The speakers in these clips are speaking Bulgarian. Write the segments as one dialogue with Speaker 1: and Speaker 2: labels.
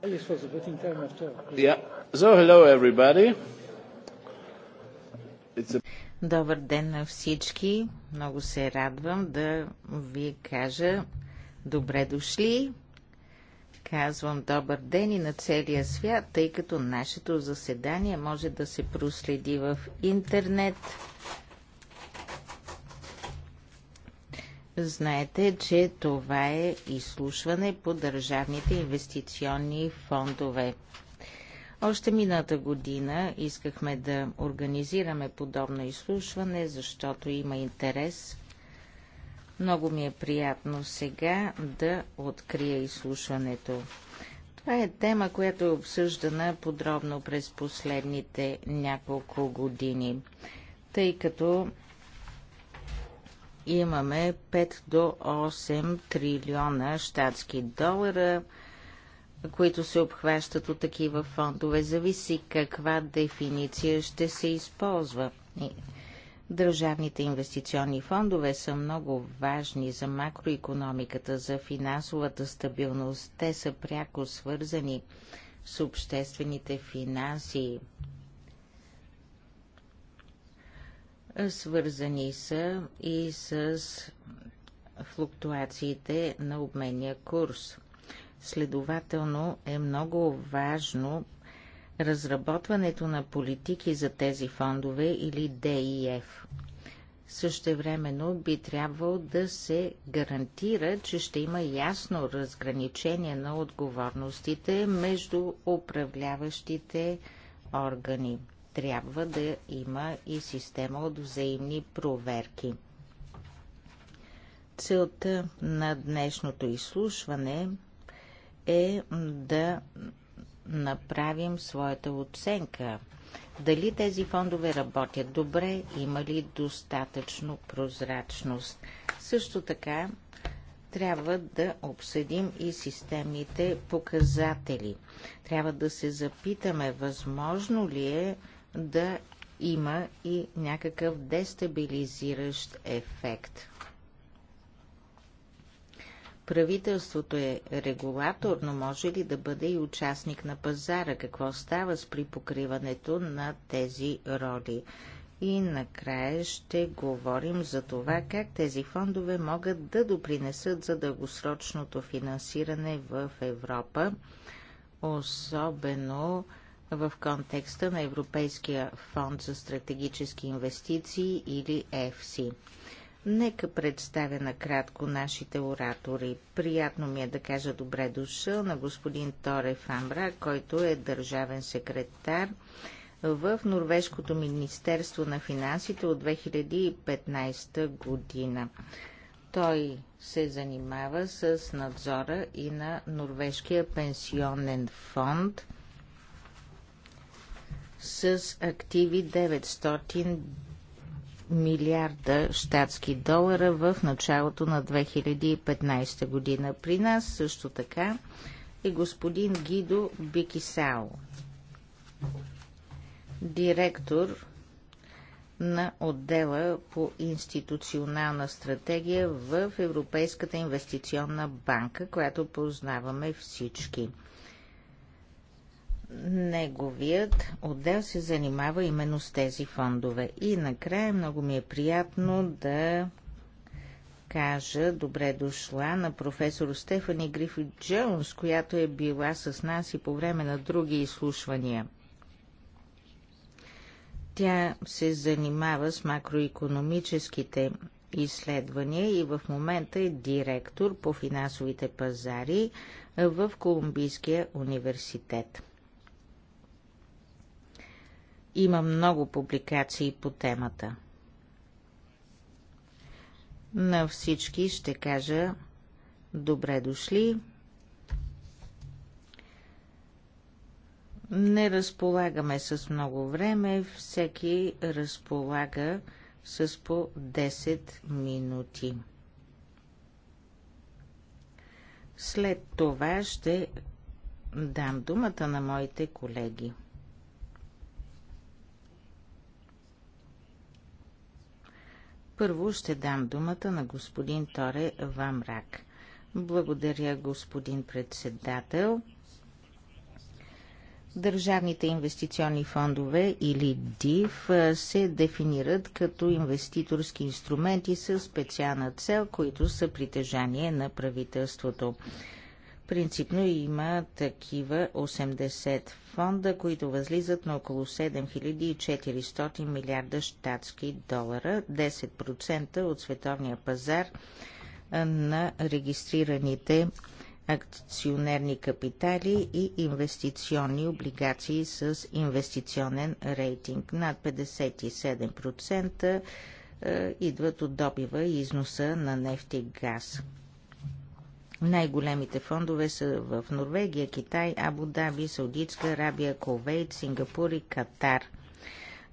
Speaker 1: Ah,
Speaker 2: добър ден на всички. Много се радвам да ви кажа добре дошли. Казвам добър ден и на целия свят, тъй като нашето заседание може да се проследи в интернет. Знаете, че това е изслушване по държавните инвестиционни фондове. Още мината година искахме да организираме подобно изслушване, защото има интерес. Много ми е приятно сега да открия изслушването. Това е тема, която е обсъждана подробно през последните няколко години, тъй като имаме 5 до 8 трилиона щатски долара, които се обхващат от такива фондове. Зависи каква дефиниция ще се използва. Държавните инвестиционни фондове са много важни за макроекономиката, за финансовата стабилност. Те са пряко свързани с обществените финанси. свързани са и с флуктуациите на обменния курс. Следователно е много важно разработването на политики за тези фондове или ДИФ. Същевременно би трябвало да се гарантира, че ще има ясно разграничение на отговорностите между управляващите органи трябва да има и система от взаимни проверки. Целта на днешното изслушване е да направим своята оценка. Дали тези фондове работят добре, има ли достатъчно прозрачност. Също така трябва да обсъдим и системните показатели. Трябва да се запитаме, възможно ли е да има и някакъв дестабилизиращ ефект. Правителството е регулатор, но може ли да бъде и участник на пазара? Какво става с припокриването на тези роли? И накрая ще говорим за това как тези фондове могат да допринесат за дългосрочното финансиране в Европа, особено в контекста на Европейския фонд за стратегически инвестиции или ЕФСИ. Нека представя накратко нашите оратори. Приятно ми е да кажа добре дошъл на господин Торе Фамбра, който е държавен секретар в Норвежкото Министерство на финансите от 2015 година. Той се занимава с надзора и на Норвежкия пенсионен фонд – с активи 900 милиарда щатски долара в началото на 2015 година. При нас също така е господин Гидо Бикисао, директор на отдела по институционална стратегия в Европейската инвестиционна банка, която познаваме всички. Неговият отдел се занимава именно с тези фондове. И накрая много ми е приятно да кажа добре дошла на професор Стефани Грифит Джонс, която е била с нас и по време на други изслушвания. Тя се занимава с макроекономическите изследвания и в момента е директор по финансовите пазари в Колумбийския университет. Има много публикации по темата. На всички ще кажа добре дошли. Не разполагаме с много време, всеки разполага с по 10 минути. След това ще дам думата на моите колеги. Първо ще дам думата на господин Торе Вамрак. Благодаря, господин председател. Държавните инвестиционни фондове или ДИФ се дефинират като инвеститорски инструменти с специална цел, които са притежание на правителството. Принципно има такива 80 фонда, които възлизат на около 7400 милиарда штатски долара, 10% от световния пазар на регистрираните акционерни капитали и инвестиционни облигации с инвестиционен рейтинг. Над 57% идват от добива и износа на нефт и газ. Най-големите фондове са в Норвегия, Китай, Абу Даби, Саудитска Арабия, Ковейт, Сингапур и Катар.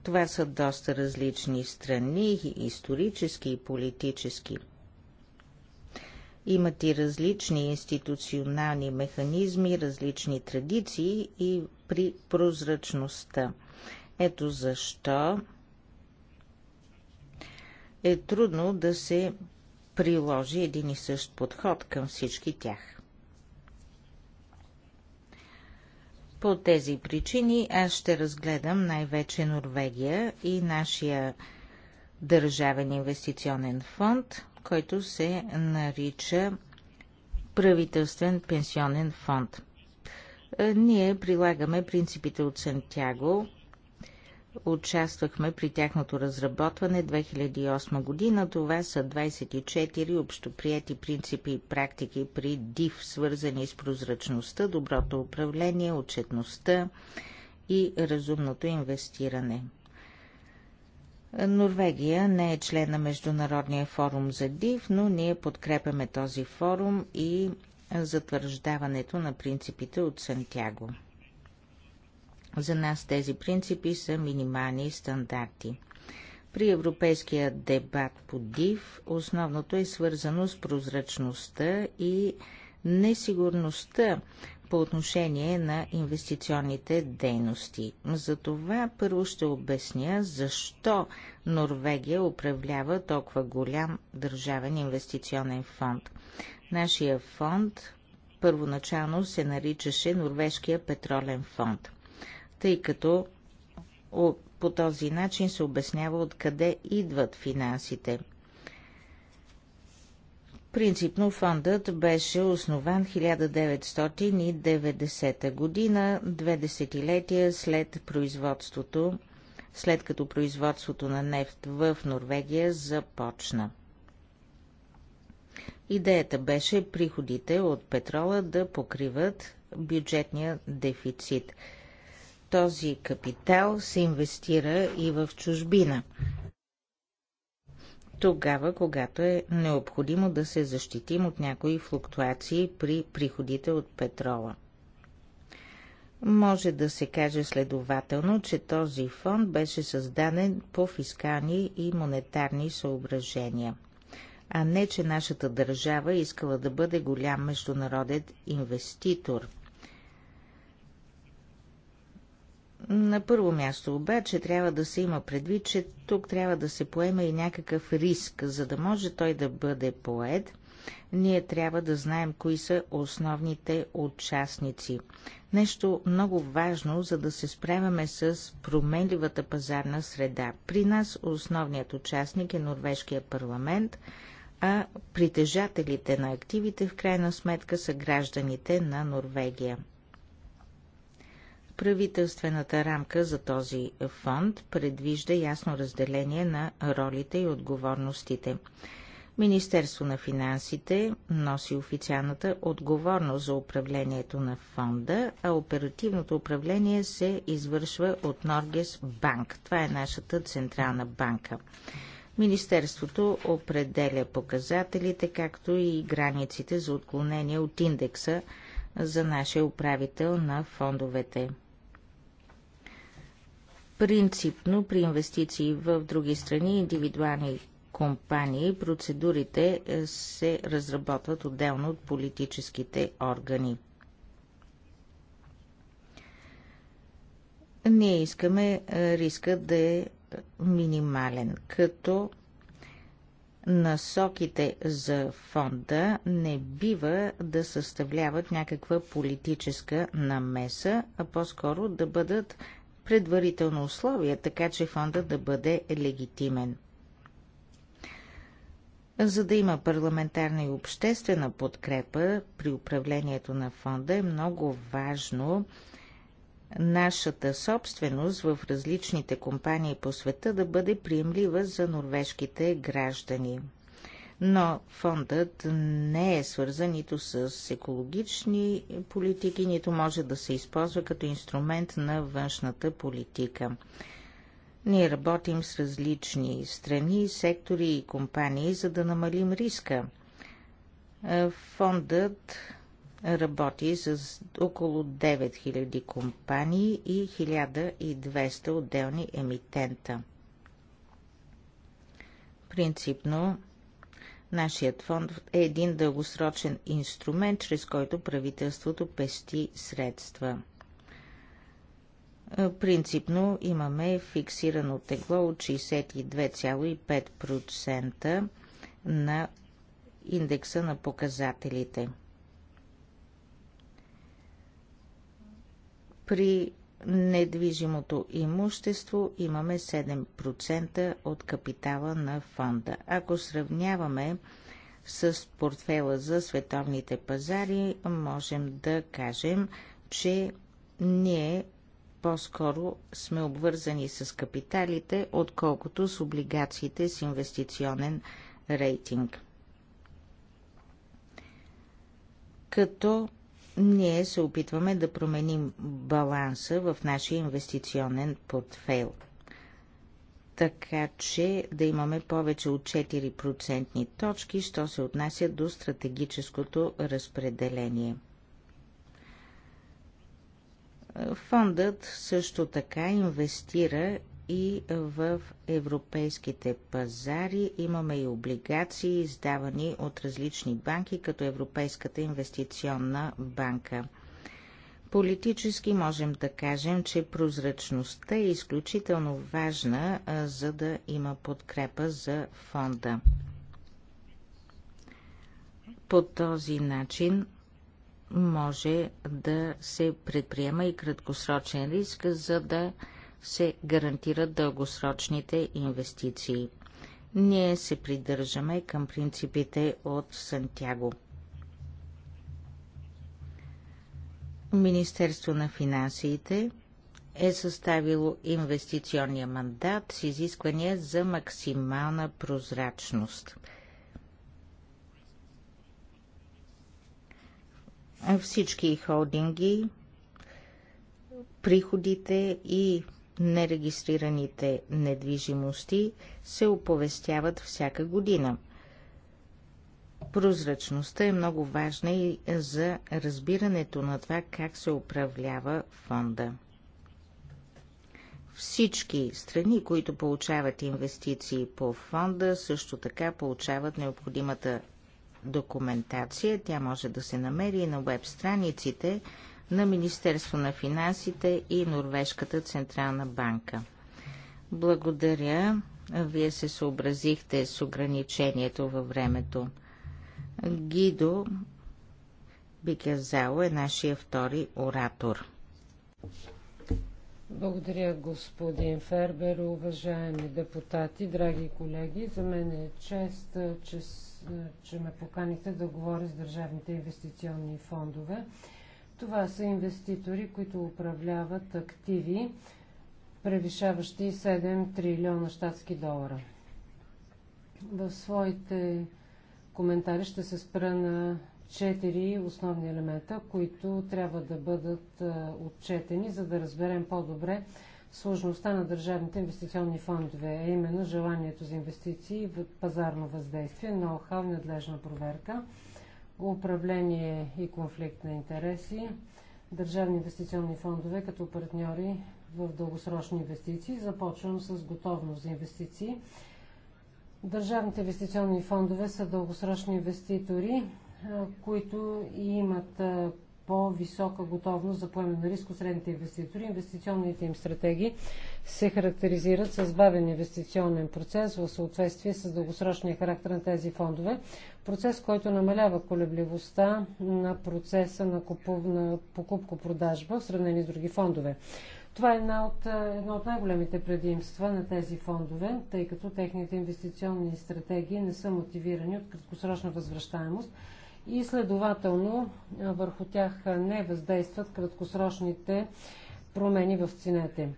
Speaker 2: Това са доста различни страни, исторически и политически. Имат и различни институционални механизми, различни традиции и при прозрачността. Ето защо е трудно да се приложи един и същ подход към всички тях. По тези причини аз ще разгледам най-вече Норвегия и нашия Държавен инвестиционен фонд, който се нарича Правителствен пенсионен фонд. Ние прилагаме принципите от Сантяго Участвахме при тяхното разработване 2008 година. Това са 24 общоприяти принципи и практики при ДИВ, свързани с прозрачността, доброто управление, отчетността и разумното инвестиране. Норвегия не е член на Международния форум за ДИВ, но ние подкрепяме този форум и затвърждаването на принципите от Сантяго. За нас тези принципи са минимални стандарти. При европейския дебат по ДИВ основното е свързано с прозрачността и несигурността по отношение на инвестиционните дейности. Затова първо ще обясня защо Норвегия управлява толкова голям държавен инвестиционен фонд. Нашия фонд първоначално се наричаше Норвежкия петролен фонд тъй като по този начин се обяснява откъде идват финансите. Принципно фондът беше основан 1990 година, две десетилетия след производството, след като производството на нефт в Норвегия започна. Идеята беше приходите от петрола да покриват бюджетния дефицит – този капитал се инвестира и в чужбина. Тогава, когато е необходимо да се защитим от някои флуктуации при приходите от петрола. Може да се каже следователно, че този фонд беше създаден по фискални и монетарни съображения, а не, че нашата държава искала да бъде голям международен инвеститор – На първо място обаче трябва да се има предвид, че тук трябва да се поеме и някакъв риск, за да може той да бъде поет. Ние трябва да знаем кои са основните участници. Нещо много важно, за да се справяме с променливата пазарна среда. При нас основният участник е Норвежкия парламент, а притежателите на активите в крайна сметка са гражданите на Норвегия. Правителствената рамка за този фонд предвижда ясно разделение на ролите и отговорностите. Министерство на финансите носи официалната отговорност за управлението на фонда, а оперативното управление се извършва от Норгес Банк. Това е нашата централна банка. Министерството определя показателите, както и границите за отклонение от индекса за нашия управител на фондовете. Принципно при инвестиции в други страни, индивидуални компании, процедурите е, се разработват отделно от политическите органи. Ние искаме е, риска да е минимален, като насоките за фонда не бива да съставляват някаква политическа намеса, а по-скоро да бъдат предварително условие, така че фонда да бъде легитимен. За да има парламентарна и обществена подкрепа при управлението на фонда е много важно нашата собственост в различните компании по света да бъде приемлива за норвежките граждани но фондът не е свързан нито с екологични политики, нито може да се използва като инструмент на външната политика. Ние работим с различни страни, сектори и компании, за да намалим риска. Е, фондът работи с около 9000 компании и 1200 отделни емитента. Принципно Нашият фонд е един дългосрочен инструмент, чрез който правителството пести средства. Е, принципно имаме фиксирано тегло от 62,5% на индекса на показателите. При недвижимото имущество имаме 7% от капитала на фонда. Ако сравняваме с портфела за световните пазари, можем да кажем, че ние по-скоро сме обвързани с капиталите, отколкото с облигациите с инвестиционен рейтинг. Като ние се опитваме да променим баланса в нашия инвестиционен портфейл. Така че да имаме повече от 4% точки, що се отнася до стратегическото разпределение. Фондът също така инвестира и в европейските пазари. Имаме и облигации, издавани от различни банки, като Европейската инвестиционна банка. Политически можем да кажем, че прозрачността е изключително важна, за да има подкрепа за фонда. По този начин може да се предприема и краткосрочен риск, за да се гарантират дългосрочните инвестиции. Ние се придържаме към принципите от Сантяго. Министерство на финансите е съставило инвестиционния мандат с изисквания за максимална прозрачност. Всички холдинги, приходите и нерегистрираните недвижимости се оповестяват всяка година. Прозрачността е много важна и за разбирането на това как се управлява фонда. Всички страни, които получават инвестиции по фонда, също така получават необходимата документация. Тя може да се намери и на веб страниците на Министерство на финансите и Норвежката Централна банка. Благодаря. Вие се съобразихте с ограничението във времето. Гидо Бикерзао е нашия втори оратор.
Speaker 1: Благодаря, господин Фербер, уважаеми депутати, драги колеги. За мен е чест, че, че ме поканите да говоря с държавните инвестиционни фондове. Това са инвеститори, които управляват активи, превишаващи 7 трилиона щатски долара. В своите коментари ще се спра на 4 основни елемента, които трябва да бъдат отчетени, за да разберем по-добре сложността на държавните инвестиционни фондове, а именно желанието за инвестиции, пазарно въздействие, ноу-хау, надлежна проверка – управление и конфликт на интереси, държавни инвестиционни фондове като партньори в дългосрочни инвестиции. Започвам с готовност за инвестиции. Държавните инвестиционни фондове са дългосрочни инвеститори, които имат по-висока готовност за поемане на риск от средните инвеститори. Инвестиционните им стратегии се характеризират с бавен инвестиционен процес в съответствие с дългосрочния характер на тези фондове. Процес, който намалява колебливостта на процеса на, купув... на покупко-продажба в сравнение с други фондове. Това е една от, едно от най-големите предимства на тези фондове, тъй като техните инвестиционни стратегии не са мотивирани от краткосрочна възвръщаемост, и следователно върху тях не въздействат краткосрочните промени в цените.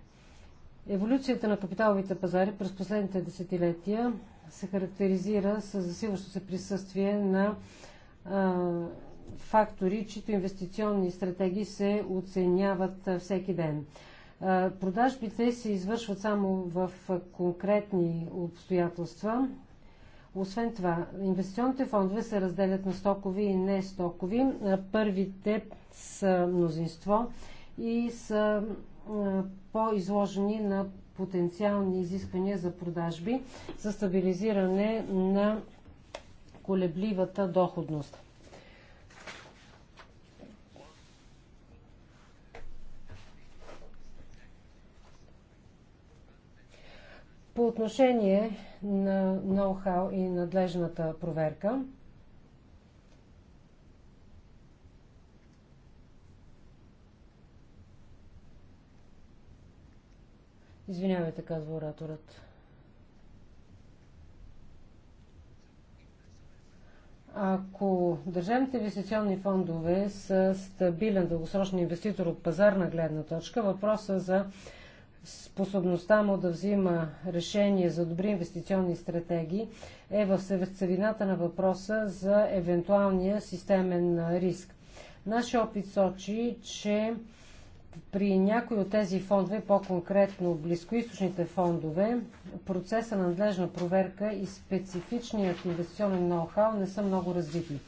Speaker 1: Еволюцията на капиталовите пазари през последните десетилетия се характеризира с засилващо се присъствие на а, фактори, чието инвестиционни стратегии се оценяват всеки ден. А, продажбите се извършват само в конкретни обстоятелства, освен това, инвестиционните фондове се разделят на стокови и не стокови. Първите са мнозинство и са по-изложени на потенциални изисквания за продажби за стабилизиране на колебливата доходност. По отношение на ноу-хау и надлежната проверка, Извинявайте, казва ораторът. Ако държавните инвестиционни фондове са стабилен дългосрочен инвеститор от пазарна гледна точка, въпроса за способността му да взима решение за добри инвестиционни стратегии е в сърцевината на въпроса за евентуалния системен риск. Нашия опит сочи, че при някои от тези фондове, по-конкретно близкоисточните фондове, процеса на надлежна проверка и специфичният инвестиционен ноу-хау не са много развити.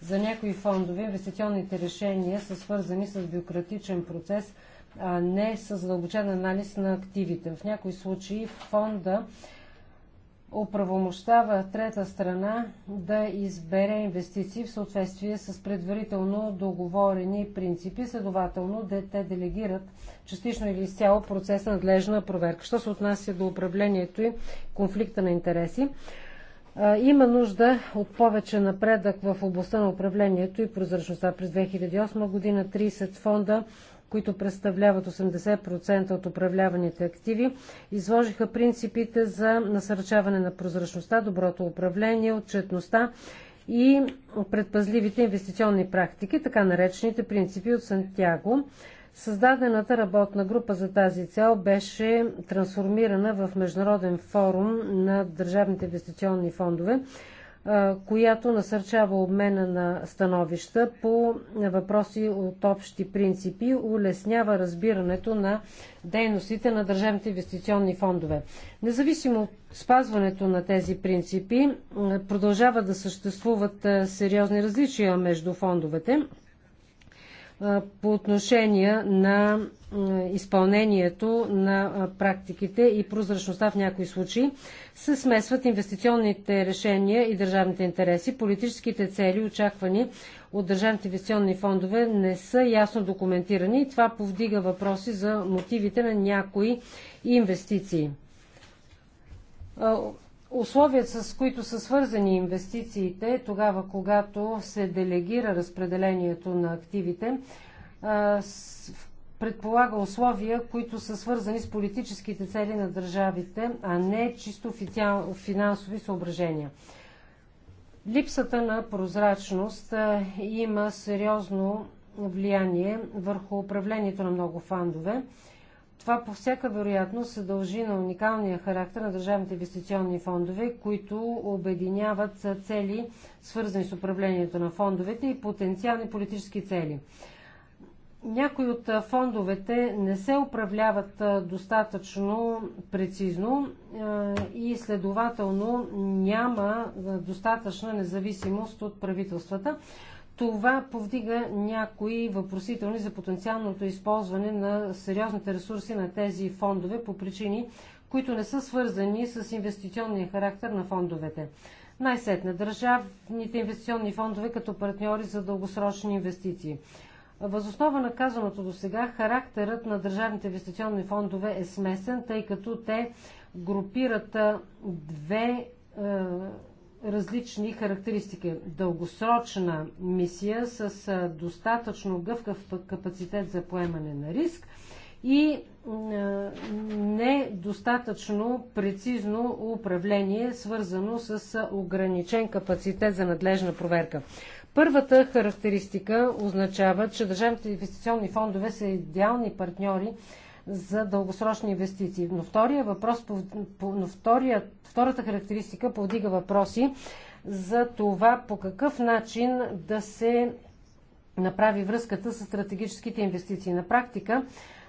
Speaker 1: За някои фондове инвестиционните решения са свързани с бюрократичен процес – а не с задълбочен анализ на активите. В някои случаи фонда оправомощава трета страна да избере инвестиции в съответствие с предварително договорени принципи, следователно да те делегират частично или изцяло процес на надлежна проверка. Що се отнася до управлението и конфликта на интереси, има нужда от повече напредък в областта на управлението и прозрачността. През 2008 година 30 фонда които представляват 80% от управляваните активи, изложиха принципите за насърчаване на прозрачността, доброто управление, отчетността и предпазливите инвестиционни практики, така наречените принципи от Сантьяго. Създадената работна група за тази цел беше трансформирана в Международен форум на държавните инвестиционни фондове, която насърчава обмена на становища по въпроси от общи принципи, улеснява разбирането на дейностите на държавните инвестиционни фондове. Независимо от спазването на тези принципи, продължава да съществуват сериозни различия между фондовете по отношение на изпълнението на практиките и прозрачността в някои случаи се смесват инвестиционните решения и държавните интереси. Политическите цели, очаквани от държавните инвестиционни фондове, не са ясно документирани и това повдига въпроси за мотивите на някои инвестиции условията, с които са свързани инвестициите, тогава когато се делегира разпределението на активите, предполага условия, които са свързани с политическите цели на държавите, а не чисто финансови съображения. Липсата на прозрачност има сериозно влияние върху управлението на много фандове това по всяка вероятност се дължи на уникалния характер на държавните инвестиционни фондове, които обединяват цели, свързани с управлението на фондовете и потенциални политически цели. Някои от фондовете не се управляват достатъчно прецизно и следователно няма достатъчна независимост от правителствата. Това повдига някои въпросителни за потенциалното използване на сериозните ресурси на тези фондове по причини, които не са свързани с инвестиционния характер на фондовете. Най-сетне държавните инвестиционни фондове като партньори за дългосрочни инвестиции. Възоснова на казаното до сега, характерът на държавните инвестиционни фондове е смесен, тъй като те групират две е, различни характеристики. Дългосрочна мисия с достатъчно гъвкав капацитет за поемане на риск и недостатъчно прецизно управление, свързано с ограничен капацитет за надлежна проверка. Първата характеристика означава, че държавните инвестиционни фондове са идеални партньори за дългосрочни инвестиции. Но, втория въпрос, но втория, втората характеристика повдига въпроси за това по какъв начин да се направи връзката с стратегическите инвестиции. На практика,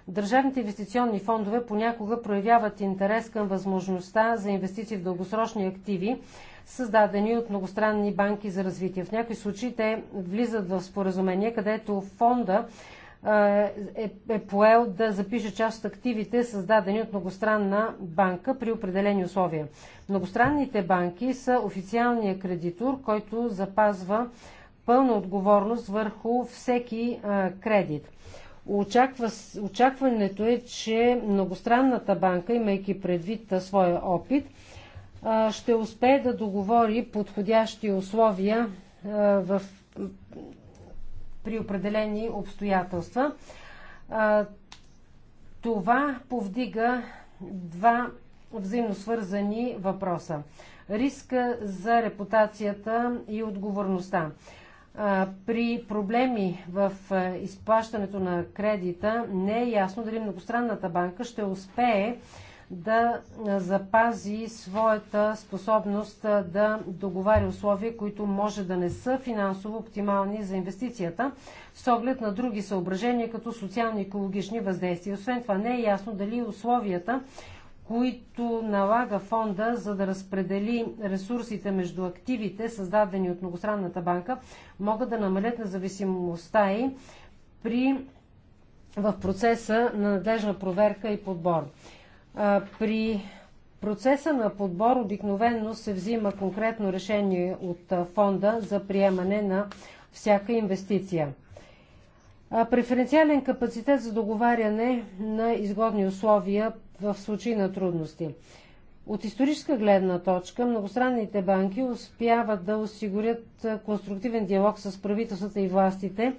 Speaker 1: държавните инвестиционни фондове понякога проявяват интерес към възможността за инвестиции в дългосрочни активи, създадени от многостранни банки за развитие. В някои случаи те влизат в споразумение, където фонда е, е, е поел да запише част от активите, създадени от многостранна банка при определени условия. Многостранните банки са официалния кредитор, който запазва пълна отговорност върху всеки а, е, кредит. Очаква, очакването е, че многостранната банка, имайки предвид а, своя опит, а, е, ще успее да договори подходящи условия в при определени обстоятелства. Това повдига два взаимно свързани въпроса. Риска за репутацията и отговорността. При проблеми в изплащането на кредита не е ясно дали многостранната банка ще успее да запази своята способност да договаря условия, които може да не са финансово оптимални за инвестицията, с оглед на други съображения, като социално екологични въздействия. Освен това не е ясно дали условията, които налага фонда, за да разпредели ресурсите между активите, създадени от Многостранната банка, могат да намалят независимостта и при в процеса на надлежна проверка и подбор. При процеса на подбор обикновенно се взима конкретно решение от фонда за приемане на всяка инвестиция. Преференциален капацитет за договаряне на изгодни условия в случай на трудности. От историческа гледна точка, многостранните банки успяват да осигурят конструктивен диалог с правителствата и властите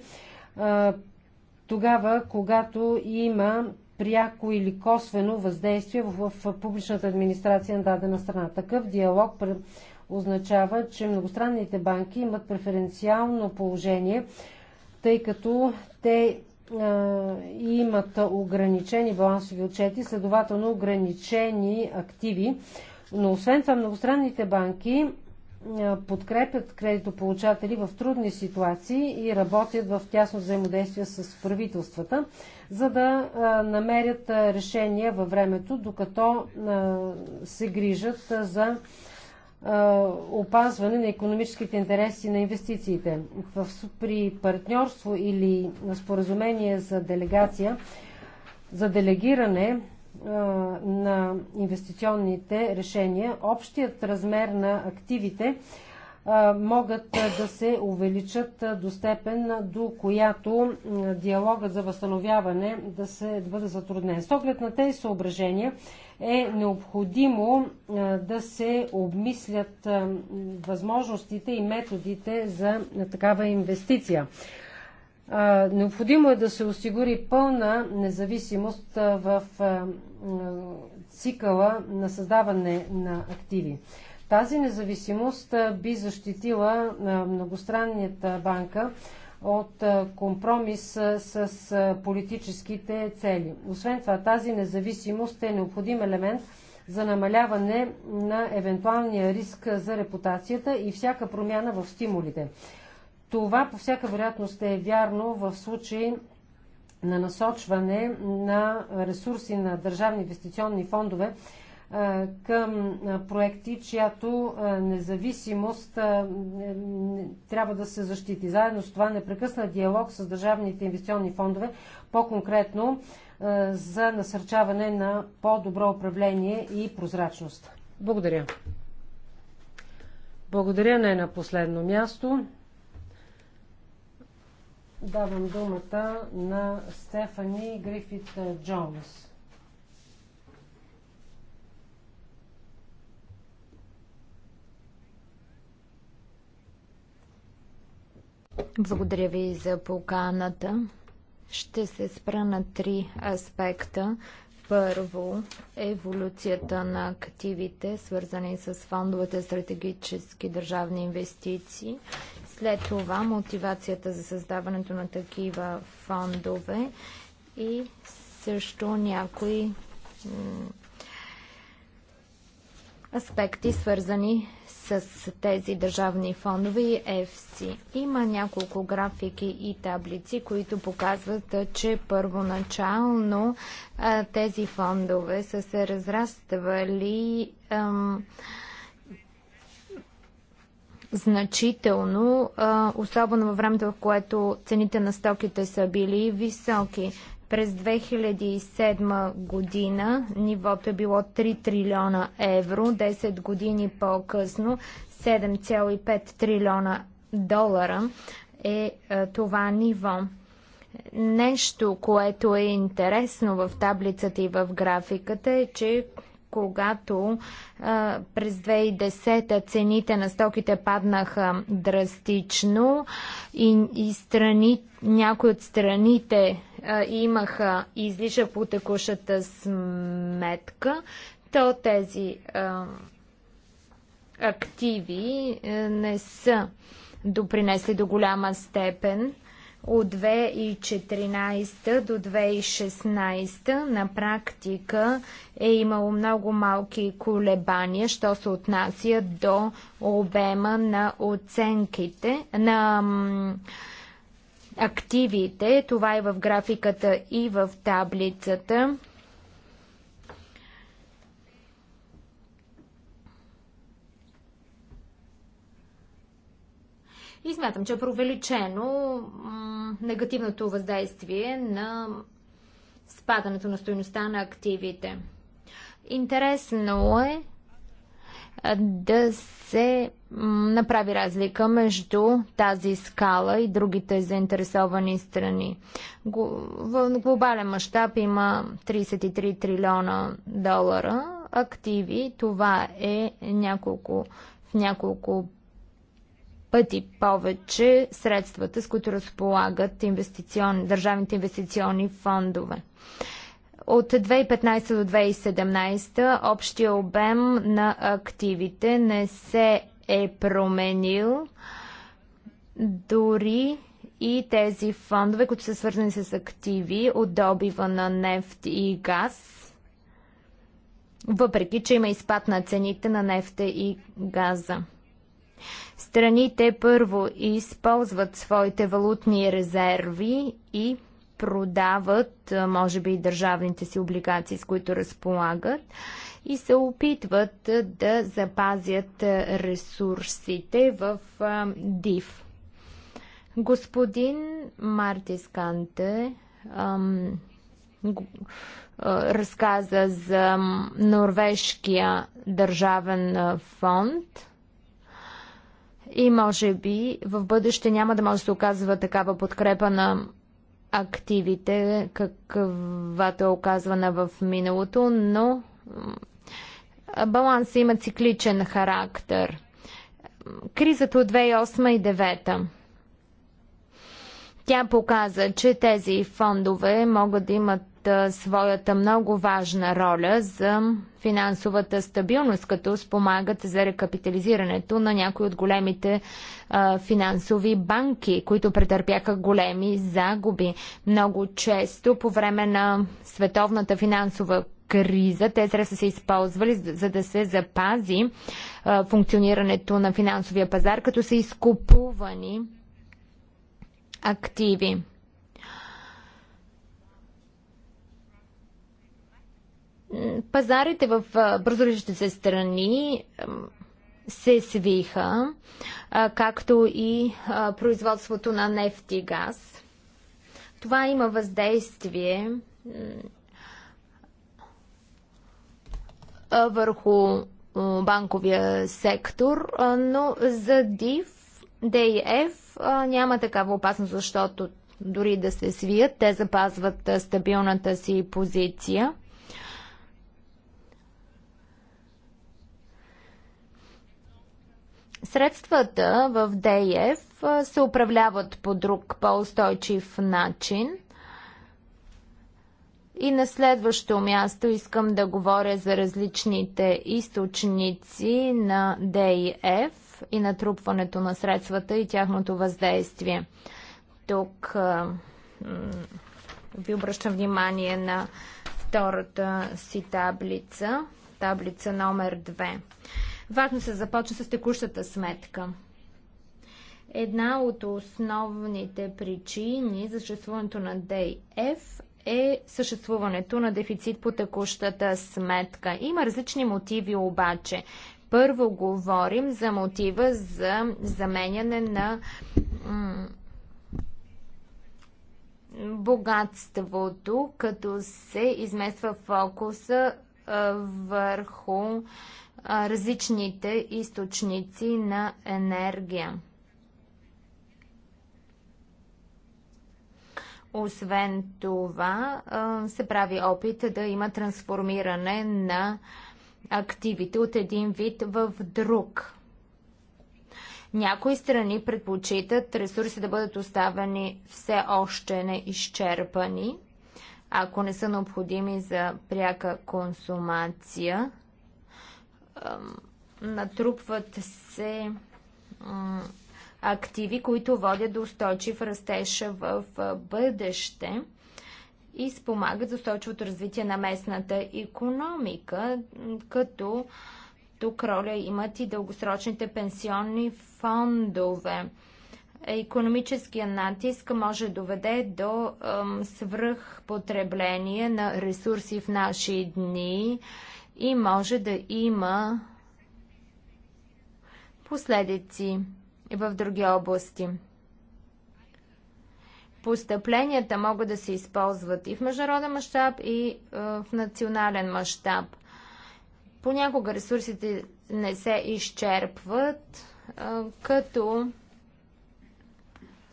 Speaker 1: тогава, когато има пряко или косвено въздействие в, в публичната администрация на дадена страна. Такъв диалог означава, че многостранните банки имат преференциално положение, тъй като те а, имат ограничени балансови отчети, следователно ограничени активи. Но освен това, многостранните банки е, подкрепят кредитополучатели в трудни ситуации и работят в тясно взаимодействие с правителствата, за да е, намерят е, решения във времето, докато се грижат за опазване на економическите интереси на инвестициите. При партньорство или споразумение за делегация, за делегиране на инвестиционните решения, общият размер на активите могат да се увеличат до степен, до която диалогът за възстановяване да, се, да бъде затруднен. С оглед на тези съображения е необходимо да се обмислят възможностите и методите за такава инвестиция. Необходимо е да се осигури пълна независимост в цикъла на създаване на активи. Тази независимост би защитила многостранната банка от компромис с политическите цели. Освен това, тази независимост е необходим елемент за намаляване на евентуалния риск за репутацията и всяка промяна в стимулите. Това по всяка вероятност е вярно в случай на насочване на ресурси на държавни инвестиционни фондове към проекти, чиято независимост трябва да се защити. Заедно с това непрекъсна диалог с държавните инвестиционни фондове, по-конкретно за насърчаване на по-добро управление и прозрачност. Благодаря. Благодаря не на последно място. Давам думата на Стефани Грифит Джонс.
Speaker 3: Благодаря ви за поканата. Ще се спра на три аспекта. Първо, еволюцията на активите, свързани с фондовете стратегически държавни инвестиции. След това мотивацията за създаването на такива фондове и също някои аспекти, свързани с тези държавни фондове и ЕФСИ. Има няколко графики и таблици, които показват, че първоначално тези фондове са се разраствали значително, особено във времето, в което цените на стоките са били високи. През 2007 година нивото е било 3 трилиона евро, 10 години по-късно 7,5 трилиона долара е това ниво. Нещо, което е интересно в таблицата и в графиката е, че когато а, през 2010 цените на стоките паднаха драстично и, и страни, някои от страните а, имаха излишък по текущата сметка, то тези а, активи а, не са допринесли до голяма степен от 2014 до 2016 на практика е имало много малки колебания, що се отнася до обема на оценките на активите. Това е в графиката и в таблицата. И смятам, че е провеличено негативното въздействие на спадането на стоеността на активите. Интересно е да се направи разлика между тази скала и другите заинтересовани страни. В глобален мащаб има 33 трилиона долара активи. Това е няколко, в няколко пъти повече средствата, с които разполагат инвестицион, държавните инвестиционни фондове. От 2015 до 2017 общия обем на активите не се е променил. Дори и тези фондове, които са свързани с активи от добива на нефт и газ, въпреки че има изпад на цените на нефта и газа. Страните първо използват своите валутни резерви и продават, може би, държавните си облигации, с които разполагат и се опитват да запазят ресурсите в ДИВ. Господин Мартис Канте ам, а, разказа за норвежкия държавен фонд – и може би в бъдеще няма да може да се оказва такава подкрепа на активите, каквато е оказвана в миналото, но баланс има цикличен характер. Кризата от 2008 и 2009. Тя показа, че тези фондове могат да имат своята много важна роля за финансовата стабилност, като спомагат за рекапитализирането на някои от големите а, финансови банки, които претърпяха големи загуби. Много често по време на световната финансова криза. Те средства се използвали за да се запази а, функционирането на финансовия пазар, като са изкупувани активи. Пазарите в бързорежащите се страни се свиха, както и производството на нефти и газ. Това има въздействие върху банковия сектор, но за DIF, DIF няма такава опасност, защото дори да се свият, те запазват стабилната си позиция. Средствата в ДЕЕФ се управляват по друг по-устойчив начин. И на следващо място искам да говоря за различните източници на ДИФ и натрупването на средствата и тяхното въздействие. Тук ви обръщам внимание на втората си таблица, таблица номер 2. Важно се започва с текущата сметка. Една от основните причини за съществуването на DF е съществуването на дефицит по текущата сметка. Има различни мотиви обаче. Първо говорим за мотива за заменяне на богатството, като се измества фокуса върху различните източници на енергия. Освен това, се прави опит да има трансформиране на активите от един вид в друг. Някои страни предпочитат ресурси да бъдат оставени все още неизчерпани ако не са необходими за пряка консумация. Натрупват се активи, които водят до устойчив растеж в бъдеще и спомагат за устойчивото развитие на местната економика, като тук роля имат и дългосрочните пенсионни фондове. Економическия натиск може да доведе до свръхпотребление на ресурси в наши дни и може да има последици в други области. Постъпленията могат да се използват и в международен мащаб, и е, в национален мащаб. Понякога ресурсите не се изчерпват, е, като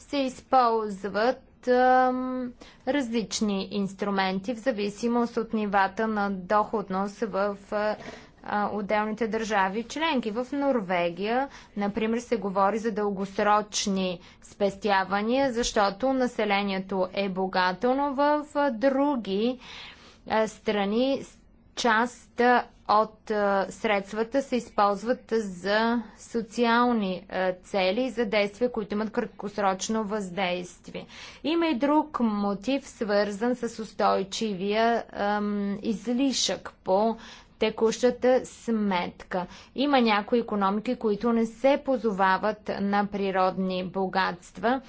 Speaker 3: се използват различни инструменти в зависимост от нивата на доходност в отделните държави членки. В Норвегия, например, се говори за дългосрочни спестявания, защото населението е богато, но в други страни част от средствата се използват за социални цели и за действия, които имат краткосрочно въздействие. Има и друг мотив, свързан с устойчивия ем, излишък по текущата сметка. Има някои економики, които не се позовават на природни богатства.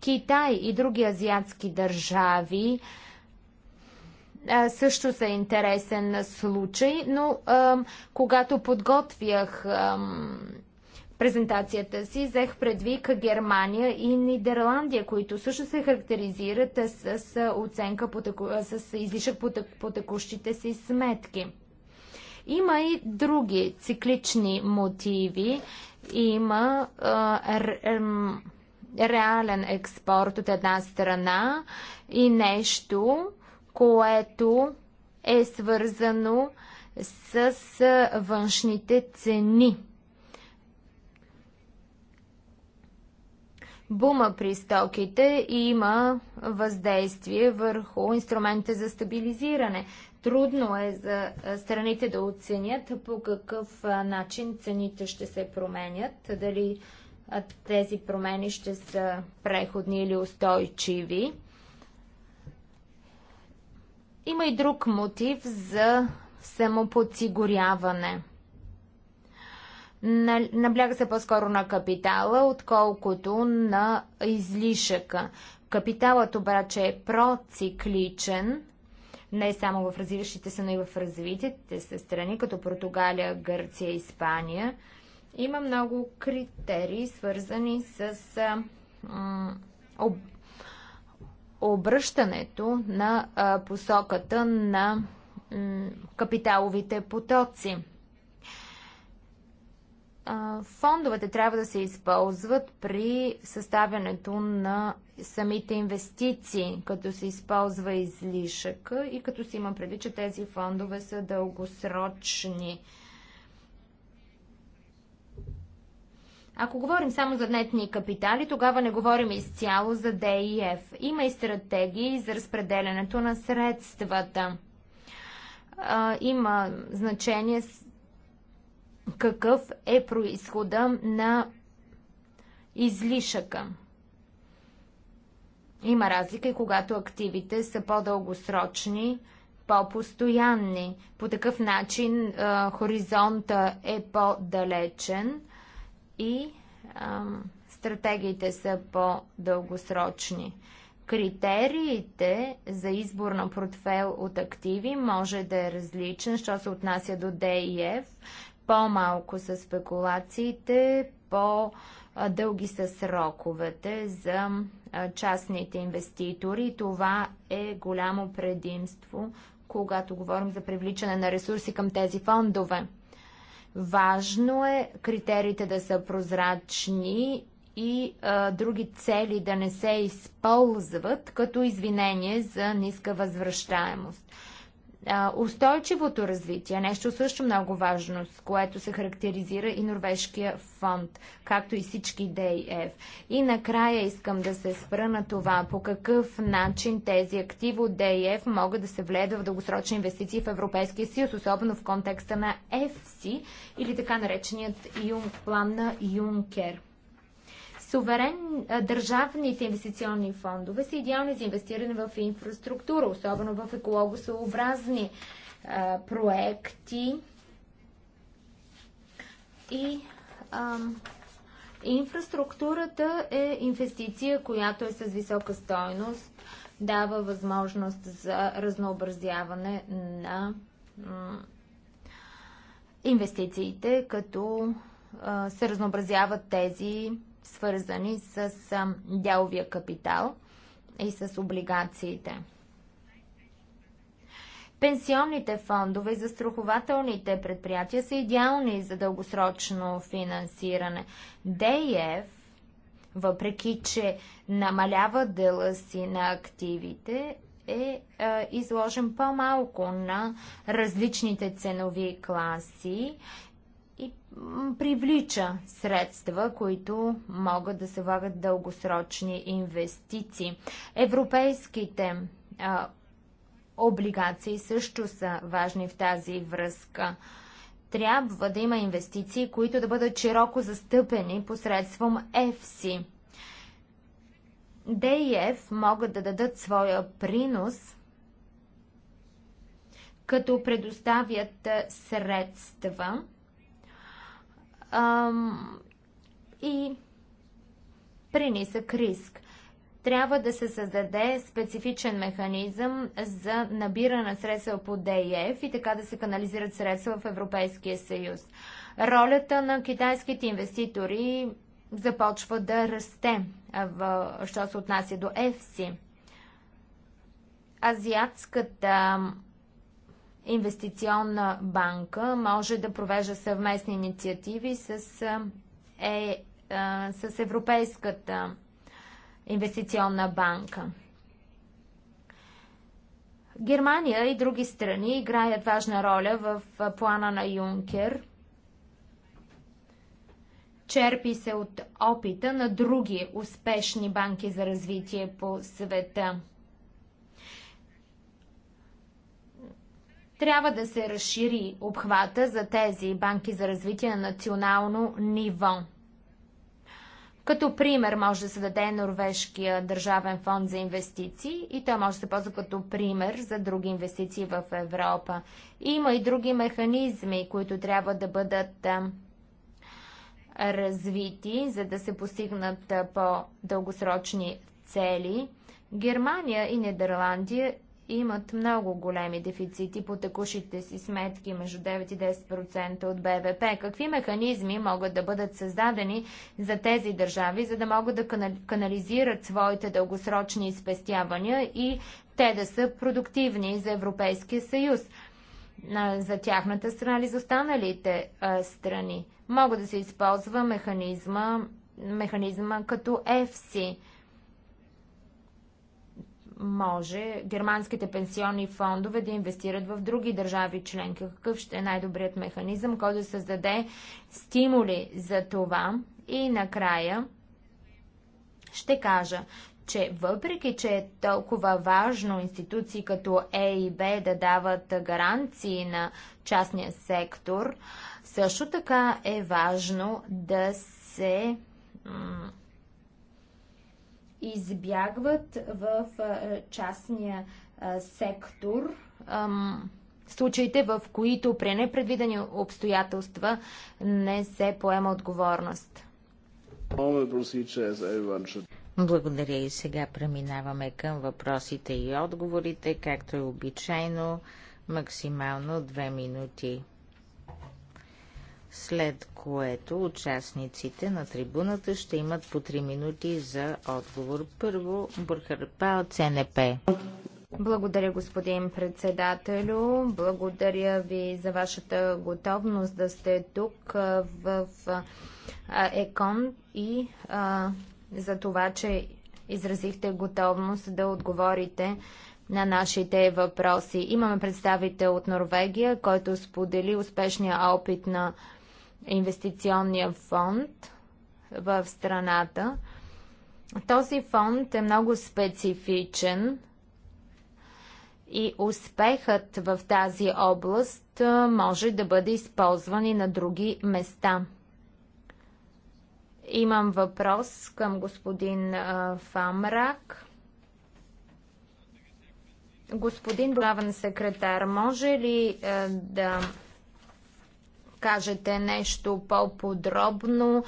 Speaker 3: Китай и други азиатски държави също са интересен случай, но когато подготвях презентацията си, взех предвид Германия и Нидерландия, които също се характеризират с, с оценка по с излишък по, по текущите си сметки. Има и други циклични мотиви. Има а, р, реален експорт от една страна и нещо, което е свързано с външните цени. Бума при стоките има въздействие върху инструмента за стабилизиране. Трудно е за страните да оценят по какъв начин цените ще се променят, дали тези промени ще са преходни или устойчиви. Има и друг мотив за самоподсигуряване. Набляга се по-скоро на капитала, отколкото на излишъка. Капиталът обаче е процикличен, не само в развиващите се, но и в развитите се страни, като Португалия, Гърция, Испания. Има много критерии, свързани с об, обръщането на посоката на капиталовите потоци. Фондовете трябва да се използват при съставянето на самите инвестиции, като се използва излишъка, и като се има преди, че тези фондове са дългосрочни Ако говорим само за нетни капитали, тогава не говорим изцяло за ДИФ. Има и стратегии за разпределянето на средствата. има значение какъв е происхода на излишъка. Има разлика и когато активите са по-дългосрочни, по-постоянни. По такъв начин хоризонта е по-далечен и ам, стратегиите са по-дългосрочни. Критериите за избор на портфел от активи може да е различен, що се отнася до DIF. По-малко са спекулациите, по-дълги са сроковете за частните инвеститори. Това е голямо предимство, когато говорим за привличане на ресурси към тези фондове. Важно е критериите да са прозрачни и а, други цели да не се използват като извинение за ниска възвръщаемост устойчивото развитие, е нещо също много важно, с което се характеризира и Норвежкия фонд, както и всички ДИФ. И накрая искам да се спра на това, по какъв начин тези активи от ДИФ могат да се вледат в дългосрочни инвестиции в Европейския съюз, особено в контекста на ЕФСИ или така нареченият план на Юнкер. Суверен държавните инвестиционни фондове са идеални за инвестиране в инфраструктура, особено в екологосъобразни проекти и а, Инфраструктурата е инвестиция, която е с висока стойност, дава възможност за разнообразяване на инвестициите, като се разнообразяват тези свързани с дяловия капитал и с облигациите. Пенсионните фондове и застрахователните предприятия са идеални за дългосрочно финансиране. ДЕЕФ, въпреки че намалява дела си на активите, е, е изложен по-малко на различните ценови класи привлича средства, които могат да се влагат дългосрочни инвестиции. Европейските а, облигации също са важни в тази връзка. Трябва да има инвестиции, които да бъдат широко застъпени посредством EFSI. ДИФ могат да дадат своя принос, като предоставят средства – и при нисък риск. Трябва да се създаде специфичен механизъм за набиране на средства по ДЕФ и така да се канализират средства в Европейския съюз. Ролята на китайските инвеститори започва да расте, в, що се отнася до ЕФСИ. Азиатската инвестиционна банка може да провежда съвместни инициативи с, е, е, с Европейската инвестиционна банка. Германия и други страни играят важна роля в плана на Юнкер. Черпи се от опита на други успешни банки за развитие по света – Трябва да се разшири обхвата за тези банки за развитие на национално ниво. Като пример може да се даде Норвежкия държавен фонд за инвестиции и той може да се ползва като пример за други инвестиции в Европа. Има и други механизми, които трябва да бъдат развити, за да се постигнат по-дългосрочни цели. Германия и Нидерландия имат много големи дефицити по текущите си сметки между 9 и 10% от БВП. Какви механизми могат да бъдат създадени за тези държави, за да могат да канализират своите дългосрочни спестявания и те да са продуктивни за Европейския съюз? за тяхната страна или за останалите а, страни. Мога да се използва механизма, механизма като EFSI може германските пенсионни фондове да инвестират в други държави членки? Какъв ще е най-добрият механизъм, който да създаде стимули за това? И накрая ще кажа, че въпреки, че е толкова важно институции като Е и Б да дават гаранции на частния сектор, също така е важно да се избягват в частния сектор случаите, в които при непредвидени обстоятелства не се поема отговорност.
Speaker 2: Благодаря и сега преминаваме към въпросите и отговорите, както е обичайно, максимално две минути след което участниците на трибуната ще имат по 3 минути за отговор. Първо Бурхарпа от ЦНП.
Speaker 3: Благодаря, господин председателю. Благодаря ви за вашата готовност да сте тук в ЕКОН и за това, че изразихте готовност да отговорите на нашите въпроси. Имаме представител от Норвегия, който сподели успешния опит на инвестиционния фонд в страната. Този фонд е много специфичен и успехът в тази област може да бъде използван и на други места. Имам въпрос към господин Фамрак. Господин главен секретар, може ли да кажете нещо по-подробно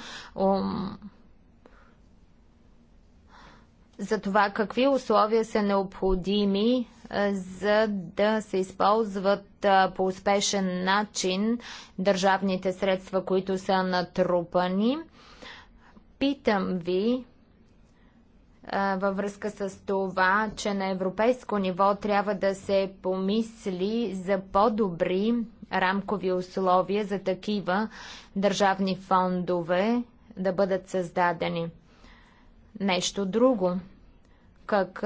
Speaker 3: за това какви условия са необходими, за да се използват по успешен начин държавните средства, които са натрупани. Питам ви във връзка с това, че на европейско ниво трябва да се помисли за по-добри рамкови условия за такива държавни фондове да бъдат създадени. Нещо друго, как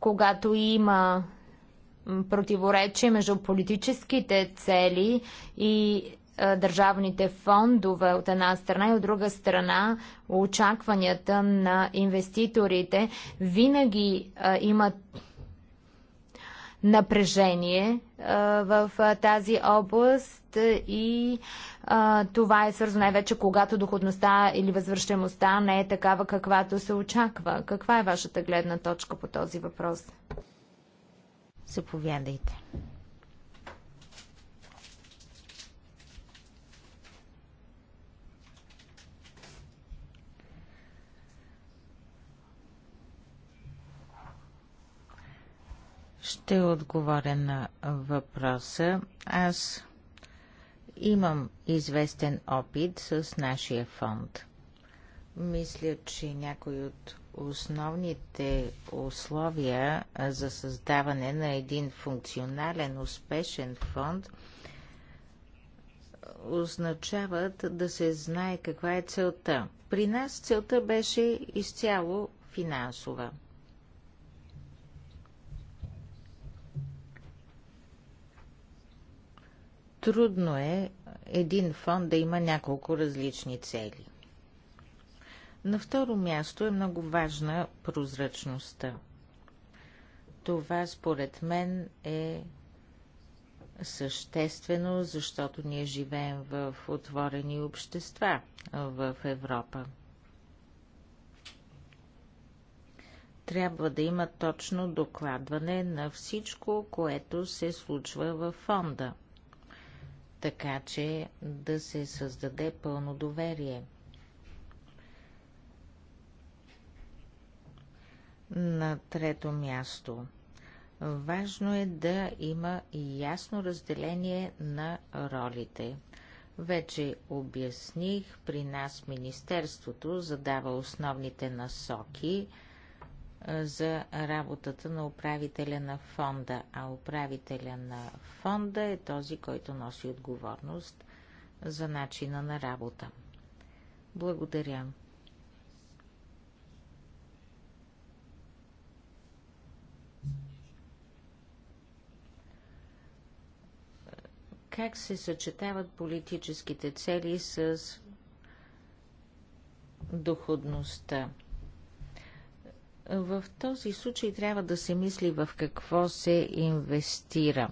Speaker 3: когато има противоречие между политическите цели и държавните фондове от една страна и от друга страна очакванията на инвеститорите винаги имат напрежение в тази област и това е свързано най-вече когато доходността или възвръщаемостта не е такава каквато се очаква. Каква е вашата гледна точка по този въпрос?
Speaker 2: Заповядайте. Ще отговоря на въпроса. Аз имам известен опит с нашия фонд. Мисля, че някои от основните условия за създаване на един функционален, успешен фонд означават да се знае каква е целта. При нас целта беше изцяло финансова – Трудно е един фонд да има няколко различни цели. На второ място е много важна прозрачността. Това според мен е съществено, защото ние живеем в отворени общества в Европа. Трябва да има точно докладване на всичко, което се случва във фонда – така че да се създаде пълно доверие. На трето място. Важно е да има ясно разделение на ролите. Вече обясних, при нас Министерството задава основните насоки – за работата на управителя на фонда, а управителя на фонда е този, който носи отговорност за начина на работа. Благодаря. Как се съчетават политическите цели с доходността? В този случай трябва да се мисли в какво се инвестира.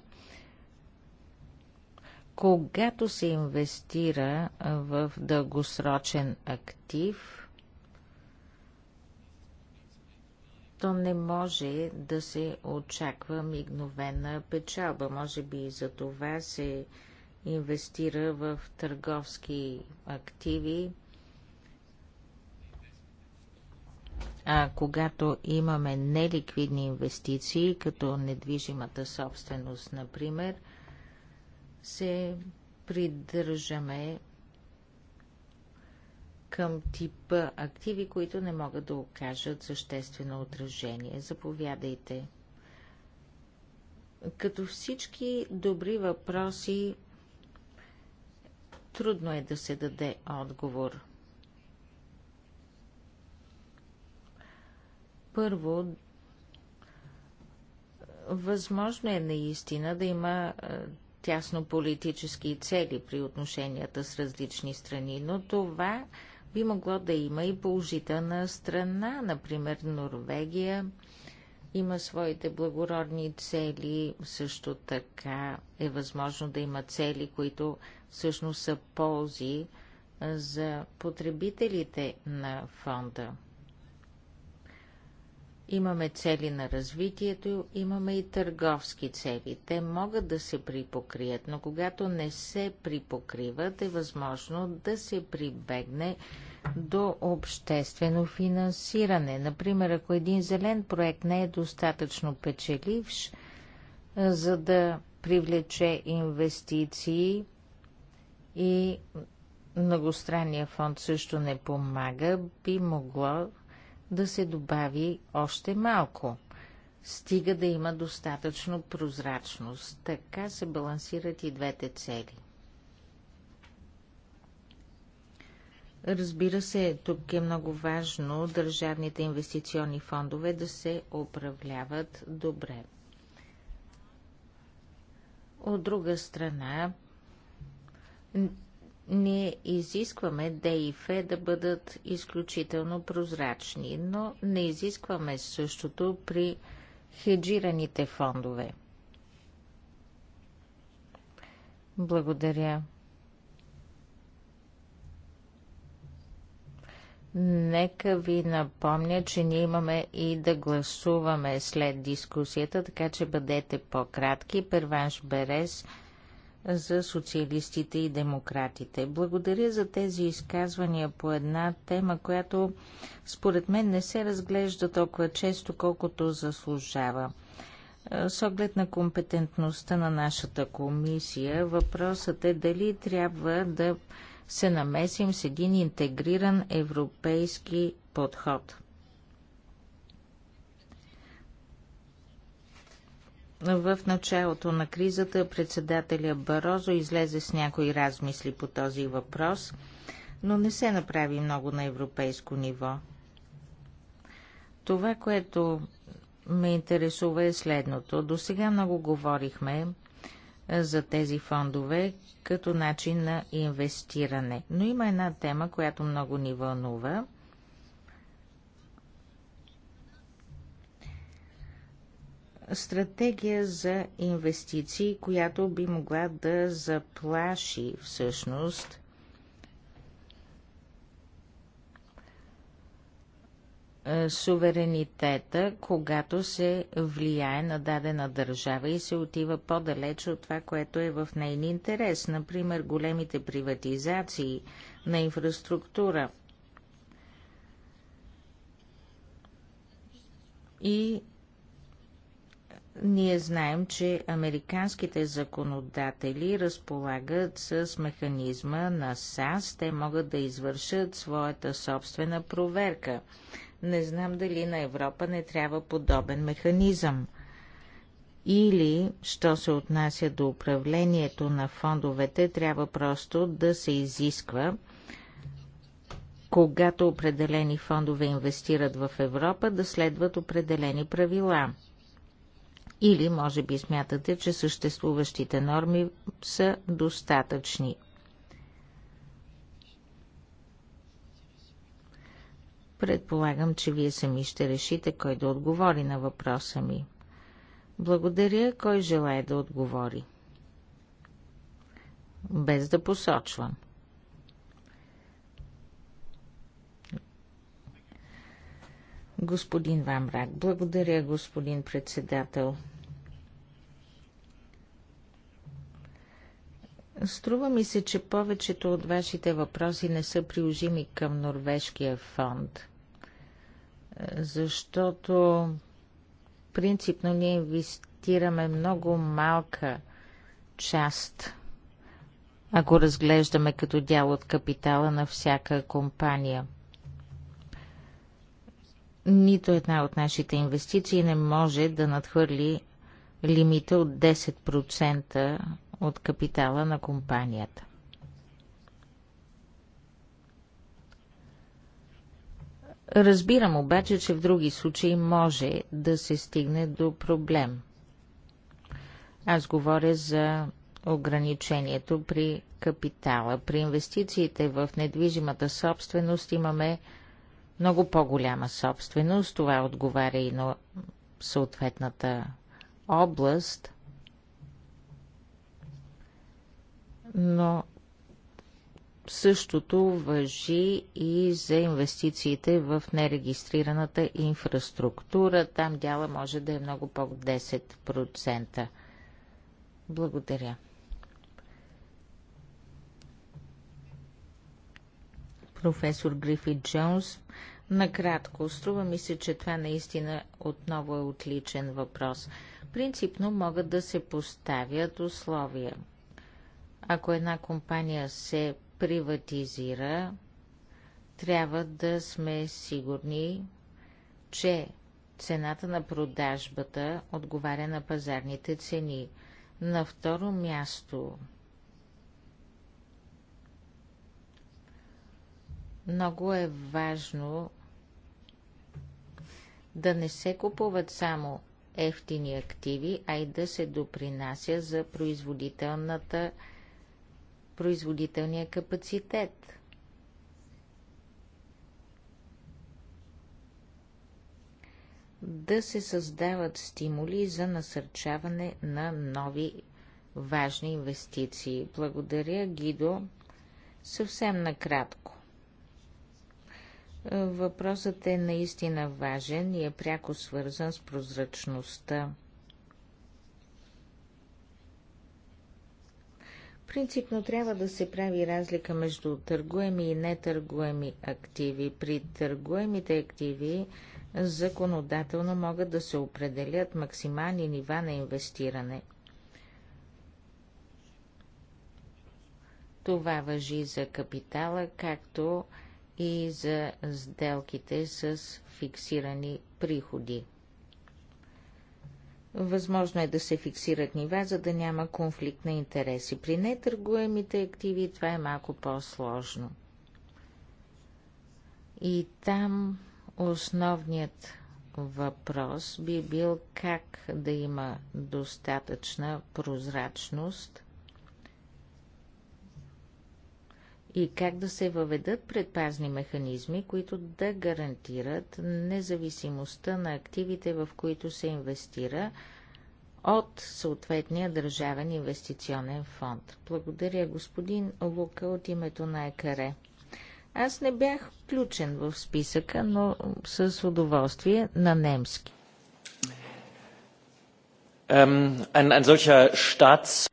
Speaker 2: Когато се инвестира в дългосрочен актив, то не може да се очаква мигновена печалба. Може би и за това се инвестира в търговски активи, А когато имаме неликвидни инвестиции, като недвижимата собственост, например, се придържаме към типа активи, които не могат да окажат съществено отражение. Заповядайте. Като всички добри въпроси, трудно е да се даде отговор. Първо, възможно е наистина да има тясно политически цели при отношенията с различни страни, но това би могло да има и положителна страна. Например, Норвегия има своите благородни цели, също така е възможно да има цели, които всъщност са ползи за потребителите на фонда. Имаме цели на развитието, имаме и търговски цели. Те могат да се припокрият, но когато не се припокриват, е възможно да се прибегне до обществено финансиране. Например, ако един зелен проект не е достатъчно печеливш, за да привлече инвестиции и многостранния фонд също не помага, би могло да се добави още малко. Стига да има достатъчно прозрачност. Така се балансират и двете цели. Разбира се, тук е много важно държавните инвестиционни фондове да се управляват добре. От друга страна, ние изискваме ДИФЕ да бъдат изключително прозрачни, но не изискваме същото при хеджираните фондове. Благодаря. Нека ви напомня, че ние имаме и да гласуваме след дискусията, така че бъдете по-кратки. Перванш Берес за социалистите и демократите. Благодаря за тези изказвания по една тема, която според мен не се разглежда толкова често, колкото заслужава. Е, с оглед на компетентността на нашата комисия, въпросът е дали трябва да се намесим с един интегриран европейски подход – В началото на кризата председателя Барозо излезе с някои размисли по този въпрос, но не се направи много на европейско ниво. Това, което ме интересува е следното. До сега много говорихме за тези фондове като начин на инвестиране. Но има една тема, която много ни вълнува – стратегия за инвестиции, която би могла да заплаши всъщност е, суверенитета, когато се влияе на дадена държава и се отива по-далеч от това, което е в нейни интерес. Например, големите приватизации на инфраструктура. И ние знаем, че американските законодатели разполагат с механизма на САС, Те могат да извършат своята собствена проверка. Не знам дали на Европа не трябва подобен механизъм. Или, що се отнася до управлението на фондовете, трябва просто да се изисква когато определени фондове инвестират в Европа, да следват определени правила – или може би смятате, че съществуващите норми са достатъчни. Предполагам, че вие сами ще решите кой да отговори на въпроса ми. Благодаря, кой желая да отговори. Без да посочвам. Господин Вамрак, благодаря, господин председател. Струва ми се, че повечето от вашите въпроси не са приложими към Норвежкия фонд, е, защото принципно ние инвестираме много малка част, ако разглеждаме като дял от капитала на всяка компания. Нито една от нашите инвестиции не може да надхвърли лимита от 10% от капитала на компанията. Разбирам обаче, че в други случаи може да се стигне до проблем. Аз говоря за ограничението при капитала. При инвестициите в недвижимата собственост имаме много по-голяма собственост. Това отговаря и на съответната област – но същото въжи и за инвестициите в нерегистрираната инфраструктура. Там дяла може да е много по 10%. Благодаря. Професор Грифит Джонс, накратко, струва ми се, че това наистина отново е отличен въпрос. Принципно могат да се поставят условия – ако една компания се приватизира, трябва да сме сигурни, че цената на продажбата отговаря на пазарните цени. На второ място много е важно да не се купуват само ефтини активи, а и да се допринася за производителната активност производителния капацитет. Да се създават стимули за насърчаване на нови важни инвестиции. Благодаря, Гидо. Съвсем накратко. Въпросът е наистина важен и е пряко свързан с прозрачността. Принципно трябва да се прави разлика между търгуеми и нетъргуеми активи. При търгуемите активи законодателно могат да се определят максимални нива на инвестиране. Това въжи за капитала, както и за сделките с фиксирани приходи. Възможно е да се фиксират нива, за да няма конфликт на интереси. При нетъргуемите активи това е малко по-сложно. И там основният въпрос би бил как да има достатъчна прозрачност и как да се въведат предпазни механизми, които да гарантират независимостта на активите, в които се инвестира от съответния държавен инвестиционен фонд. Благодаря господин Лука от името на ЕКАРЕ. Аз не бях включен в списъка, но с удоволствие на немски. Um, ein, ein Staats...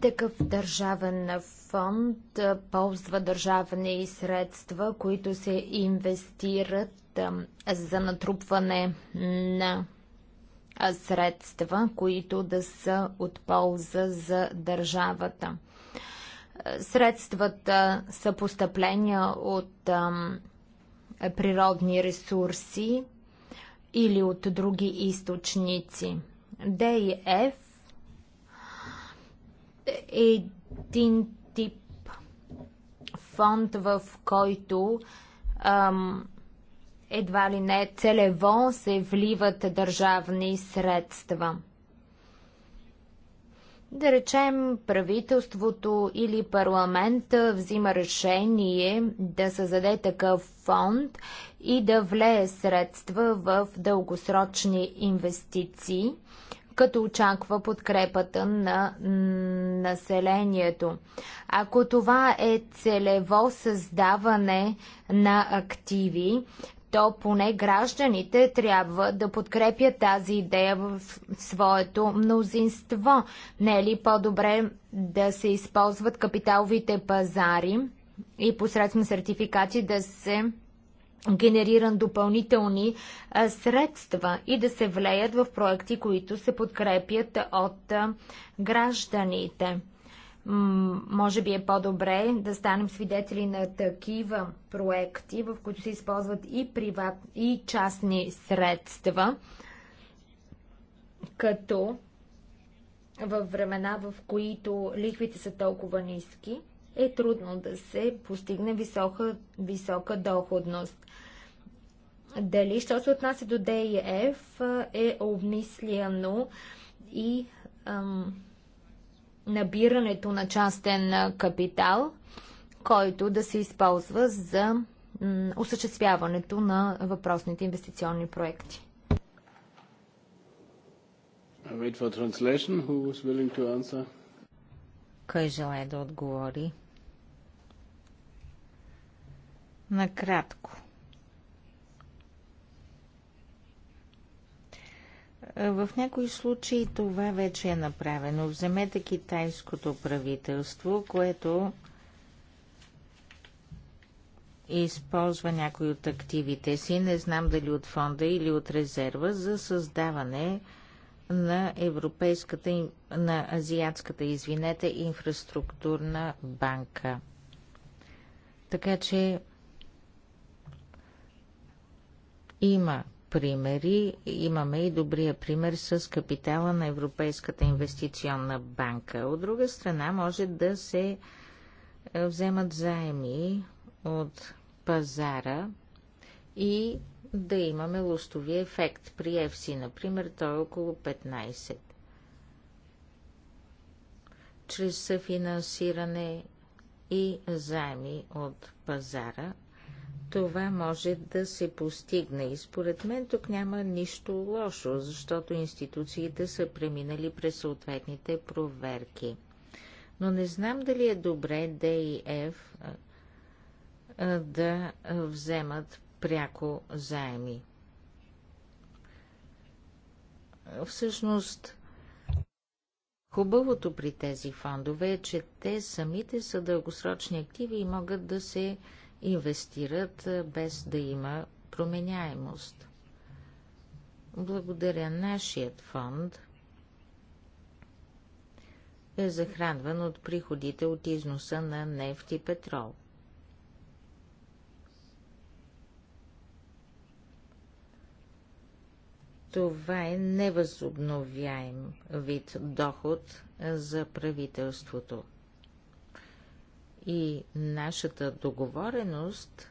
Speaker 3: Такъв държавен фонд фонд ползва държавни средства, които се инвестират за натрупване на средства, които да са от полза за държавата. Средствата са постъпления от природни ресурси или от други източници. ДИФ е един фонд, в който ам, едва ли не целево се вливат държавни средства. Да речем, правителството или парламента взима решение да създаде такъв фонд и да влее средства в дългосрочни инвестиции като очаква подкрепата на населението. Ако това е целево създаване на активи, то поне гражданите трябва да подкрепят тази идея в своето мнозинство. Не е ли по-добре да се използват капиталовите пазари и посредством сертификати да се генериран допълнителни средства и да се влеят в проекти, които се подкрепят от гражданите. може би е по-добре да станем свидетели на такива проекти, в които се използват и, приват, и частни средства, като във времена, в които лихвите са толкова ниски – е трудно да се постигне висока, висока доходност. Дали, що се отнася до ДИФ, e е обмисляно и ам, набирането на частен капитал, който да се използва за осъществяването на въпросните инвестиционни
Speaker 2: проекти. Кой желая да отговори? накратко. В някои случаи това вече е направено. Вземете китайското правителство, което използва някои от активите си, не знам дали от фонда или от резерва, за създаване на европейската, на азиатската, извинете, инфраструктурна банка. Така че Има примери. Имаме и добрия пример с капитала на Европейската инвестиционна банка. От друга страна, може да се е, вземат заеми от пазара и да имаме лостови ефект. При FC, например, той е около 15. Чрез съфинансиране и заеми от пазара това може да се постигне. И според мен тук няма нищо лошо, защото институциите са преминали през съответните проверки. Но не знам дали е добре ДИФ да вземат пряко заеми. Всъщност, хубавото при тези фондове е, че те самите са дългосрочни активи и могат да се инвестират без да има променяемост. Благодаря нашият фонд е захранван от приходите от износа на нефт и петрол. Това е невъзобновяем вид доход за правителството. И нашата договореност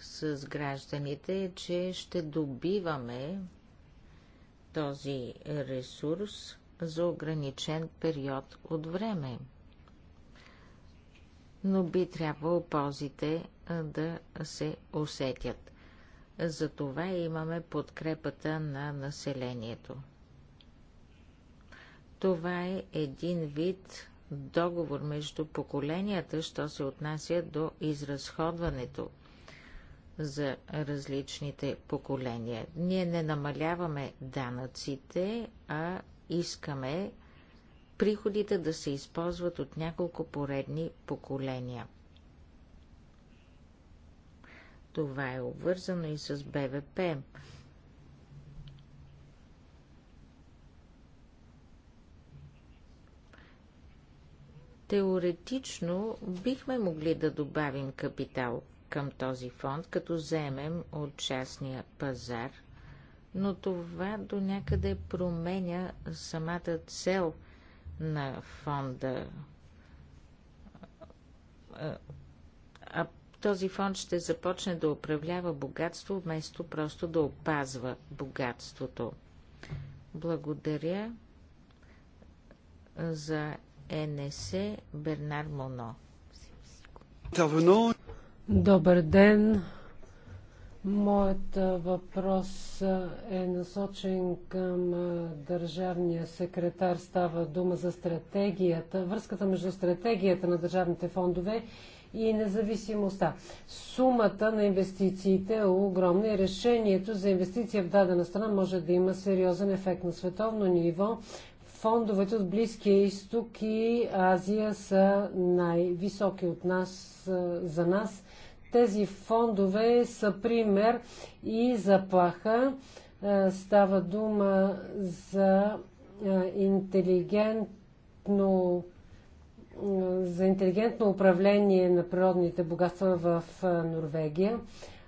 Speaker 2: с гражданите е, че ще добиваме този ресурс за ограничен период от време. Но би трябвало ползите да се усетят. За това имаме подкрепата на населението. Това е един вид договор между поколенията, що се отнася до изразходването за различните поколения. Ние не намаляваме данъците, а искаме приходите да се използват от няколко поредни поколения. Това е обвързано и с БВП. Теоретично бихме могли да добавим капитал към този фонд, като заемем от частния пазар, но това до някъде променя самата цел на фонда. А този фонд ще започне да управлява богатство, вместо просто да опазва богатството. Благодаря за ЕНС Бернар Моно.
Speaker 1: Добър ден! Моят въпрос е насочен към държавния секретар. Става дума за стратегията, връзката между стратегията на държавните фондове и независимостта. Сумата на инвестициите е огромна и решението за инвестиция в дадена страна може да има сериозен ефект на световно ниво фондовете от Близкия изток и Азия са най-високи от нас, за нас. Тези фондове са пример и заплаха. Става дума за интелигентно за интелигентно управление на природните богатства в Норвегия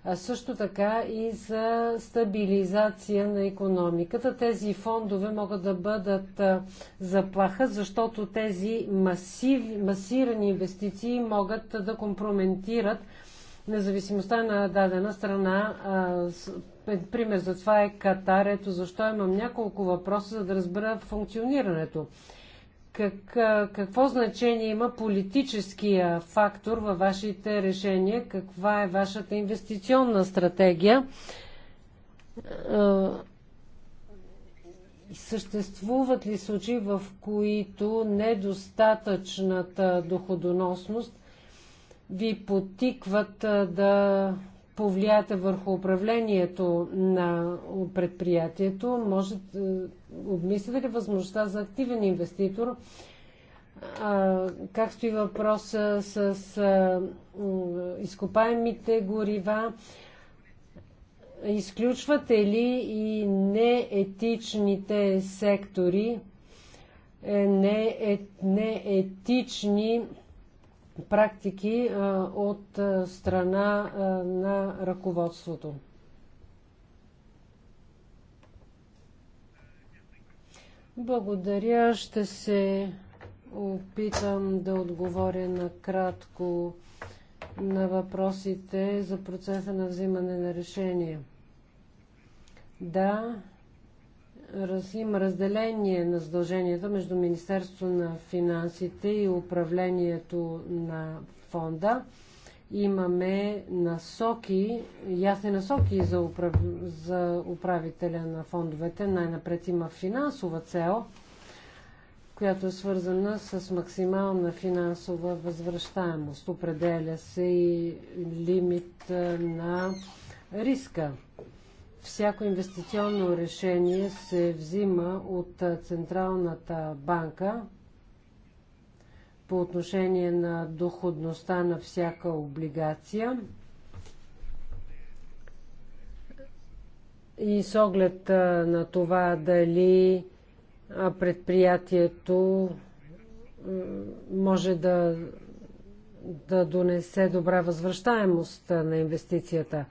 Speaker 1: а също така и за стабилизация на економиката. Тези фондове могат да бъдат заплаха, защото тези масив, масирани инвестиции могат да компрометират независимостта на дадена страна. Пример за това е Катар. Ето защо имам няколко въпроса, за да разбера функционирането как, какво значение има политическия фактор във вашите решения? Каква е вашата инвестиционна стратегия? Съществуват ли случаи, в които недостатъчната доходоносност ви потикват да повлията върху управлението на предприятието? Може, е, обмислите ли възможността за активен инвеститор? А, как стои въпроса с а, е, изкопаемите горива? Изключвате ли и неетичните сектори, е, не, неетични практики от страна на ръководството. Благодаря. Ще се опитам да отговоря накратко на въпросите за процеса на взимане на решение. Да, раз, има разделение на задълженията между Министерство на финансите и управлението на фонда. Имаме насоки, ясни насоки за, управ... за управителя на фондовете. Най-напред има финансова цел, която е свързана с максимална финансова възвръщаемост. Определя се и лимит на риска всяко инвестиционно решение се взима от Централната банка по отношение на доходността на всяка облигация. И с оглед на това дали предприятието може да, да донесе добра възвръщаемост на инвестицията.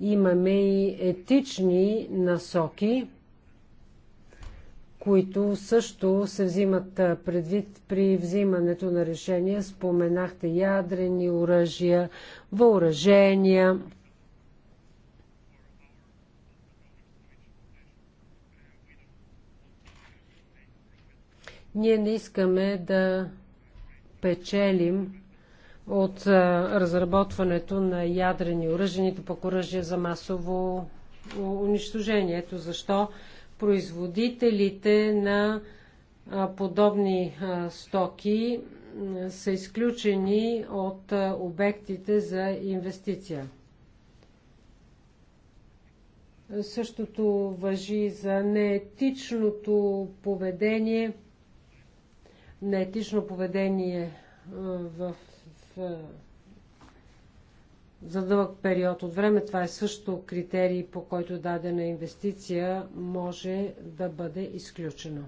Speaker 1: Имаме и етични насоки, които също се взимат предвид при взимането на решения. Споменахте ядрени оръжия, въоръжения. Ние не искаме да печелим от разработването на ядрени оръжия, нито пък оръжия за масово унищожение. Ето защо производителите на подобни стоки са изключени от обектите за инвестиция. Същото въжи за неетичното поведение, неетично поведение в е, за дълъг период от време. Това е също критерий, по който дадена инвестиция може да бъде изключена.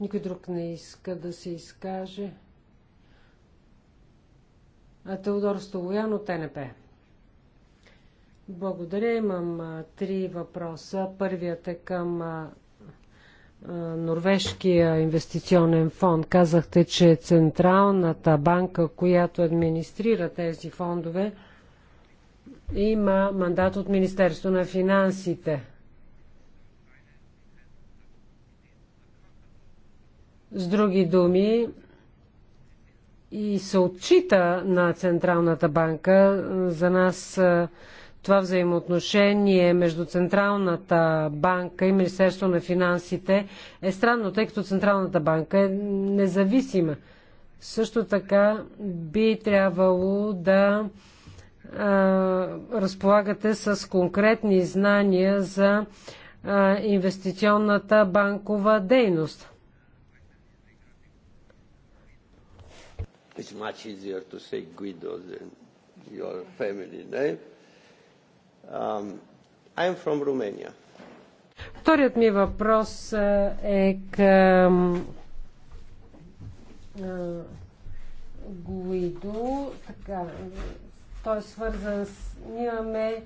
Speaker 1: Никой друг не иска да се изкаже. А Теодор Столоян от НП. Благодаря. Имам три въпроса. Първият е към Норвежкия инвестиционен фонд. Казахте, че Централната банка, която администрира тези фондове, има мандат от Министерство на финансите. С други думи, и се отчита на Централната банка. За нас това взаимоотношение между Централната банка и Министерство на финансите е странно, тъй като Централната банка е независима. Също така би трябвало да а, разполагате с конкретни знания за а, инвестиционната банкова дейност.
Speaker 3: It's much easier to say Guido than your family name. Um,
Speaker 1: Вторият ми въпрос е, е към е, Гуидо. Така, той е свързан с... Ние имаме е,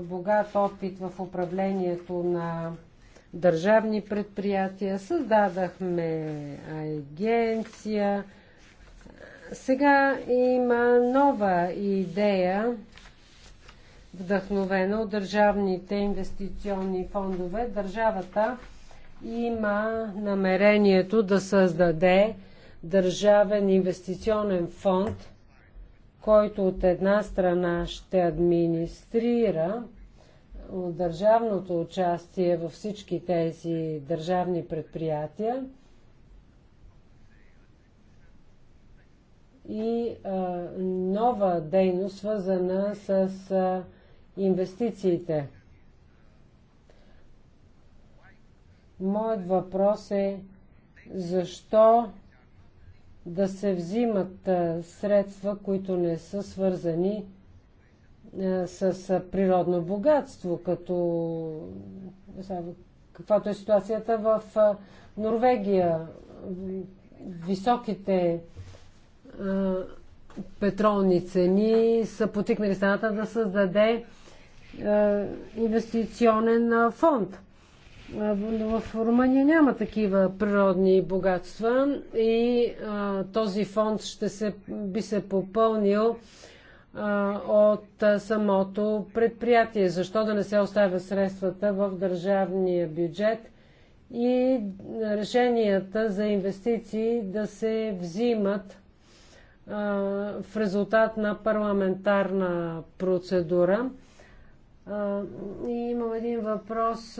Speaker 1: богат опит в управлението на държавни предприятия. Създадахме агенция. Сега има нова идея вдъхновена от държавните инвестиционни фондове. Държавата има намерението да създаде държавен инвестиционен фонд, който от една страна ще администрира държавното участие във всички тези държавни предприятия и а, нова дейност, свързана с а, инвестициите. Моят въпрос е защо да се взимат средства, които не са свързани с природно богатство, като каквато е ситуацията в Норвегия. Високите петролни цени са потикнали страната да създаде е, инвестиционен фонд. В Румъния няма такива природни богатства и този фонд ще се, би се попълнил от самото предприятие. Защо да не се оставя средствата в държавния бюджет и решенията за инвестиции да се взимат в резултат на парламентарна процедура? И имам един въпрос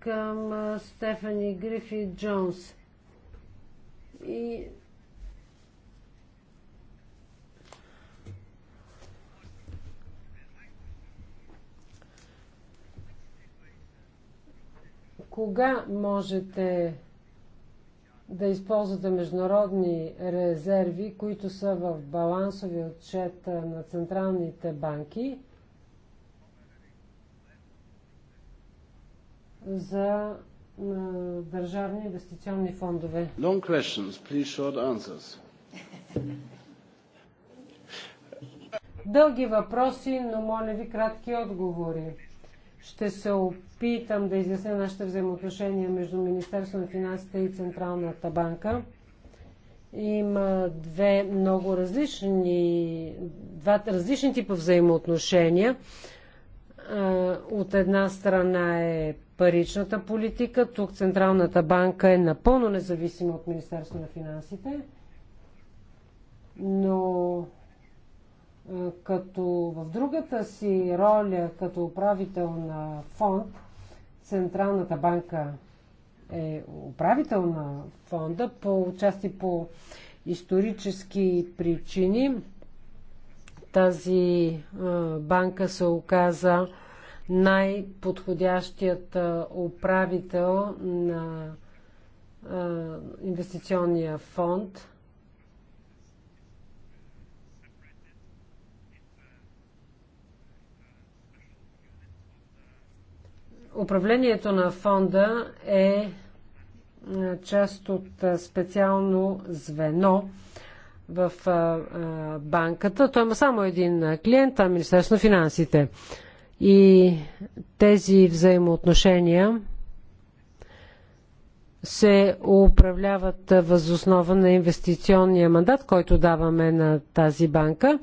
Speaker 1: към Стефани Грифи Джонс. И кога можете да използвате международни резерви, които са в балансови отчет на централните банки за държавни инвестиционни фондове. Long questions, please short answers. Дълги въпроси, но моля ви кратки отговори. Ще се опитам да изясня нашите взаимоотношения между Министерство на финансите и Централната банка. Има две много различни, два различни типа взаимоотношения. От една страна е паричната политика. Тук Централната банка е напълно независима от Министерство на финансите, но като в другата си роля като управител на фонд, Централната банка е управител на фонда по части по исторически причини. Тази банка се оказа най-подходящият управител на инвестиционния фонд. Управлението на фонда е част от специално звено в банката. Той има само един клиент, а Министерство на финансите. И тези взаимоотношения се управляват възоснова на инвестиционния мандат, който даваме на тази банка.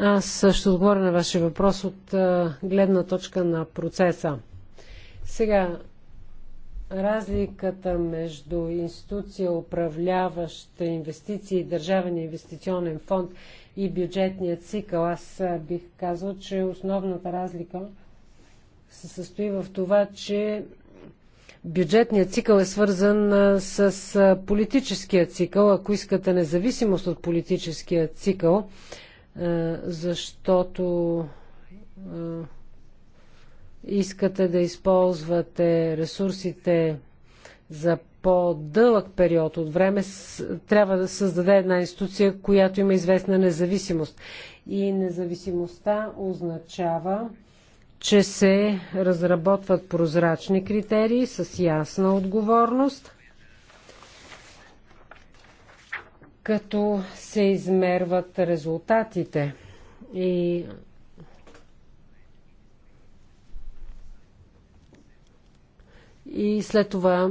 Speaker 1: Аз ще отговоря на вашия въпрос от гледна точка на процеса. Сега, разликата между институция, управляваща инвестиции и Държавен инвестиционен фонд и бюджетния цикъл, аз бих казал, че основната разлика се състои в това, че бюджетният цикъл е свързан с политическия цикъл, ако искате независимост от политическия цикъл, защото искате да използвате ресурсите за по-дълъг период от време, трябва да създаде една институция, която има известна независимост. И независимостта означава, че се разработват прозрачни критерии с ясна отговорност, като се измерват резултатите. И и след това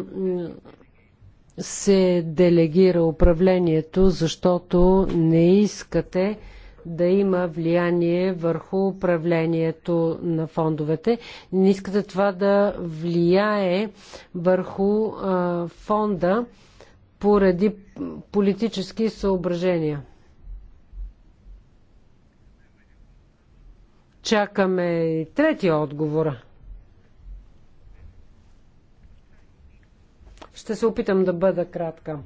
Speaker 1: се делегира управлението, защото не искате да има влияние върху управлението на фондовете. Не искате това да влияе върху а, фонда поради политически съображения. Чакаме трети отговора. Ще се опитам да бъда кратка.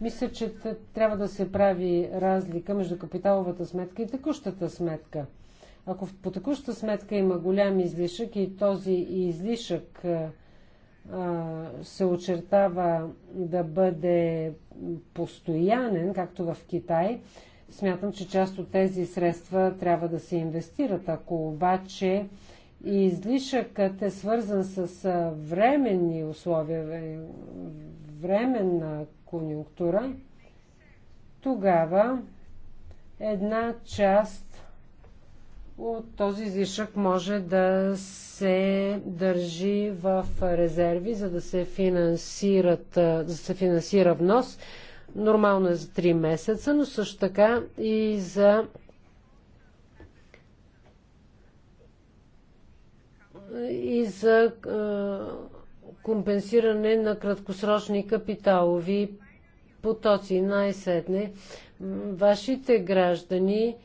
Speaker 1: Мисля, че трябва да се прави разлика между капиталовата сметка и текущата сметка. Ако по текущата сметка има голям излишък и този излишък се очертава да бъде постоянен, както в Китай, смятам, че част от тези средства трябва да се инвестират. Ако обаче и излишъкът е свързан с временни условия, временна конюнктура, тогава една част от този излишък може да се държи в резерви, за да се, финансират, да се финансира внос. Нормално е за 3 месеца, но също така и за и за компенсиране на краткосрочни капиталови потоци. Най-сетне, вашите граждани,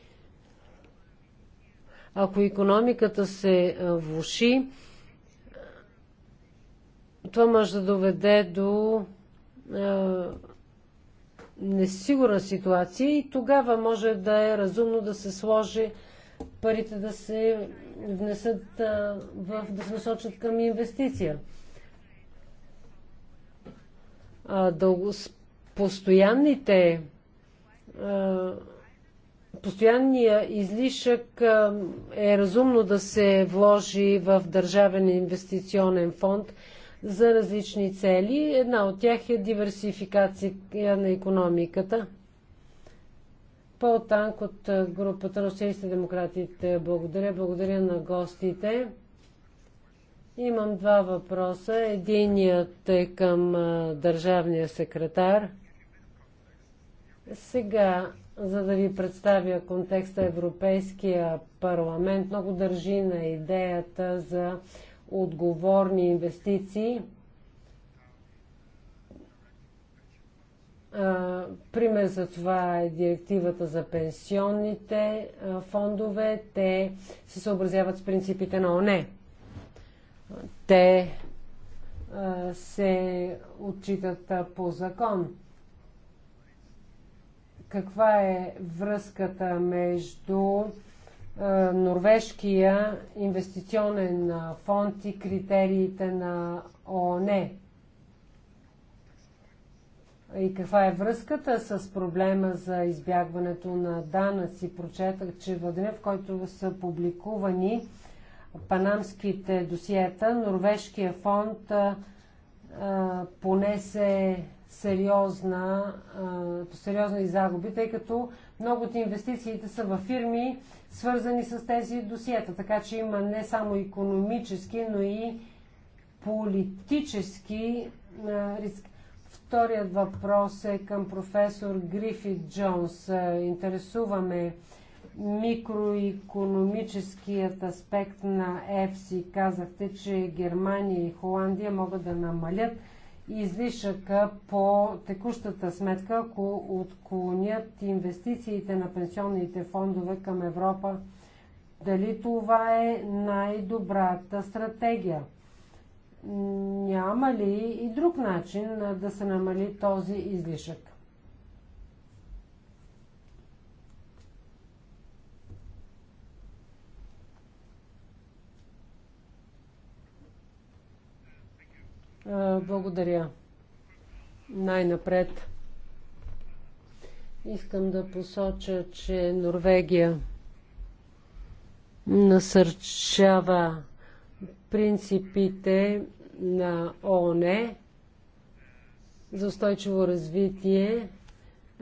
Speaker 1: ако економиката се влуши, това може да доведе до несигурна ситуация и тогава може да е разумно да се сложи парите да се внесат в, да се насочат към инвестиция. А, дълго, постоянните а, постоянния излишък а, е разумно да се вложи в Държавен инвестиционен фонд за различни цели. Една от тях е диверсификация на економиката. Пол Танк от е, групата на Русейсте демократите. Благодаря, благодаря на гостите. Имам два въпроса. Единият е към е, държавния секретар. Сега, за да ви представя контекста Европейския парламент, много държи на идеята за отговорни инвестиции Пример за това е директивата за пенсионните фондове. Те се съобразяват с принципите на ОНЕ. Те се отчитат по закон. Каква е връзката между Норвежкия инвестиционен фонд и критериите на ООН? и каква е връзката с проблема за избягването на данъци. Прочетах, че в деня, в който са публикувани панамските досиета, Норвежкия фонд а, понесе сериозна, а, сериозни загуби, тъй като много от инвестициите са във фирми, свързани с тези досиета. Така че има не само економически, но и политически риск. Вторият въпрос е към професор Грифит Джонс. Е, интересуваме микроекономическият аспект на ЕФСИ. Казахте, че Германия и Холандия могат да намалят излишъка по текущата сметка, ако отклонят инвестициите на пенсионните фондове към Европа. Дали това е най-добрата стратегия? няма ли и друг начин да се намали този излишък? Благодаря. Най-напред искам да посоча, че Норвегия насърчава принципите на ООН за устойчиво развитие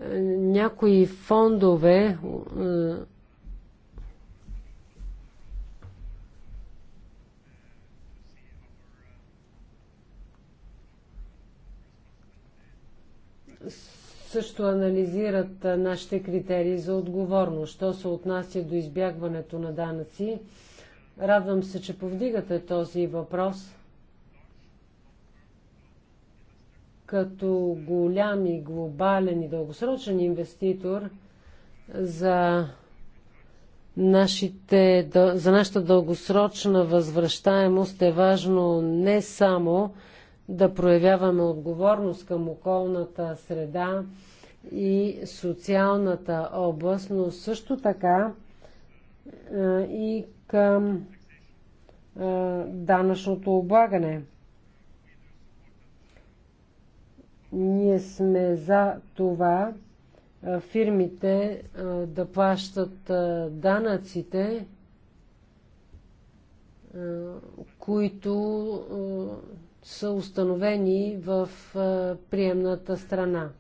Speaker 1: е, някои фондове е, също анализират е, нашите критерии за отговорност. Що се отнася до избягването на данъци, Радвам се, че повдигате този въпрос като голям и глобален и дългосрочен инвеститор за, нашите, за нашата дългосрочна възвръщаемост е важно не само да проявяваме отговорност към околната среда и социалната област, но също така е, и към данъчното облагане. Ние сме за това фирмите да плащат данъците, които са установени в приемната страна.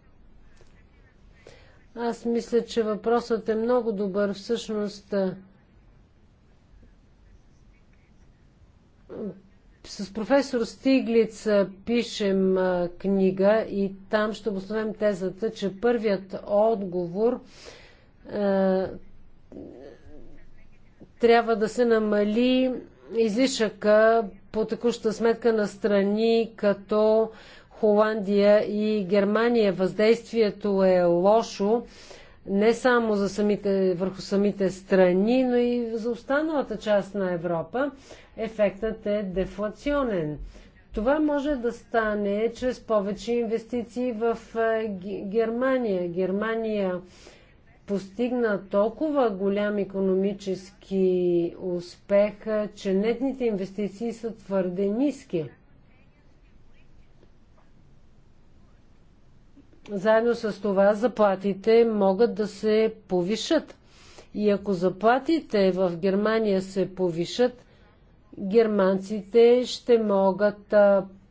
Speaker 1: Аз мисля, че въпросът е много добър. Всъщност, С професор Стиглиц пишем книга и там ще обосновем тезата, че първият отговор е, трябва да се намали излишъка по текуща сметка на страни като Холандия и Германия. Въздействието е лошо не само за самите, върху самите страни, но и за останалата част на Европа ефектът е дефлационен. Това може да стане чрез повече инвестиции в е, Германия. Германия постигна толкова голям економически успех, е, че нетните инвестиции са твърде ниски. Заедно с това заплатите могат да се повишат. И ако заплатите в Германия се повишат, германците ще могат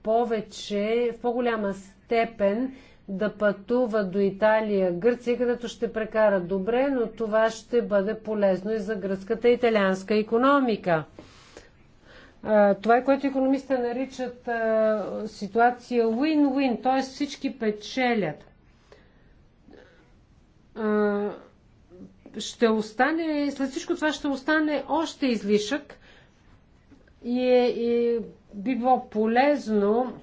Speaker 1: повече, в по-голяма степен да пътуват до Италия, Гърция, където ще прекарат добре, но това ще бъде полезно и за гръцката и италианска економика. Това е което економистите наричат ситуация win-win, т.е. всички печелят. Ще остане, след всичко това ще остане още излишък, и, е, и би било полезно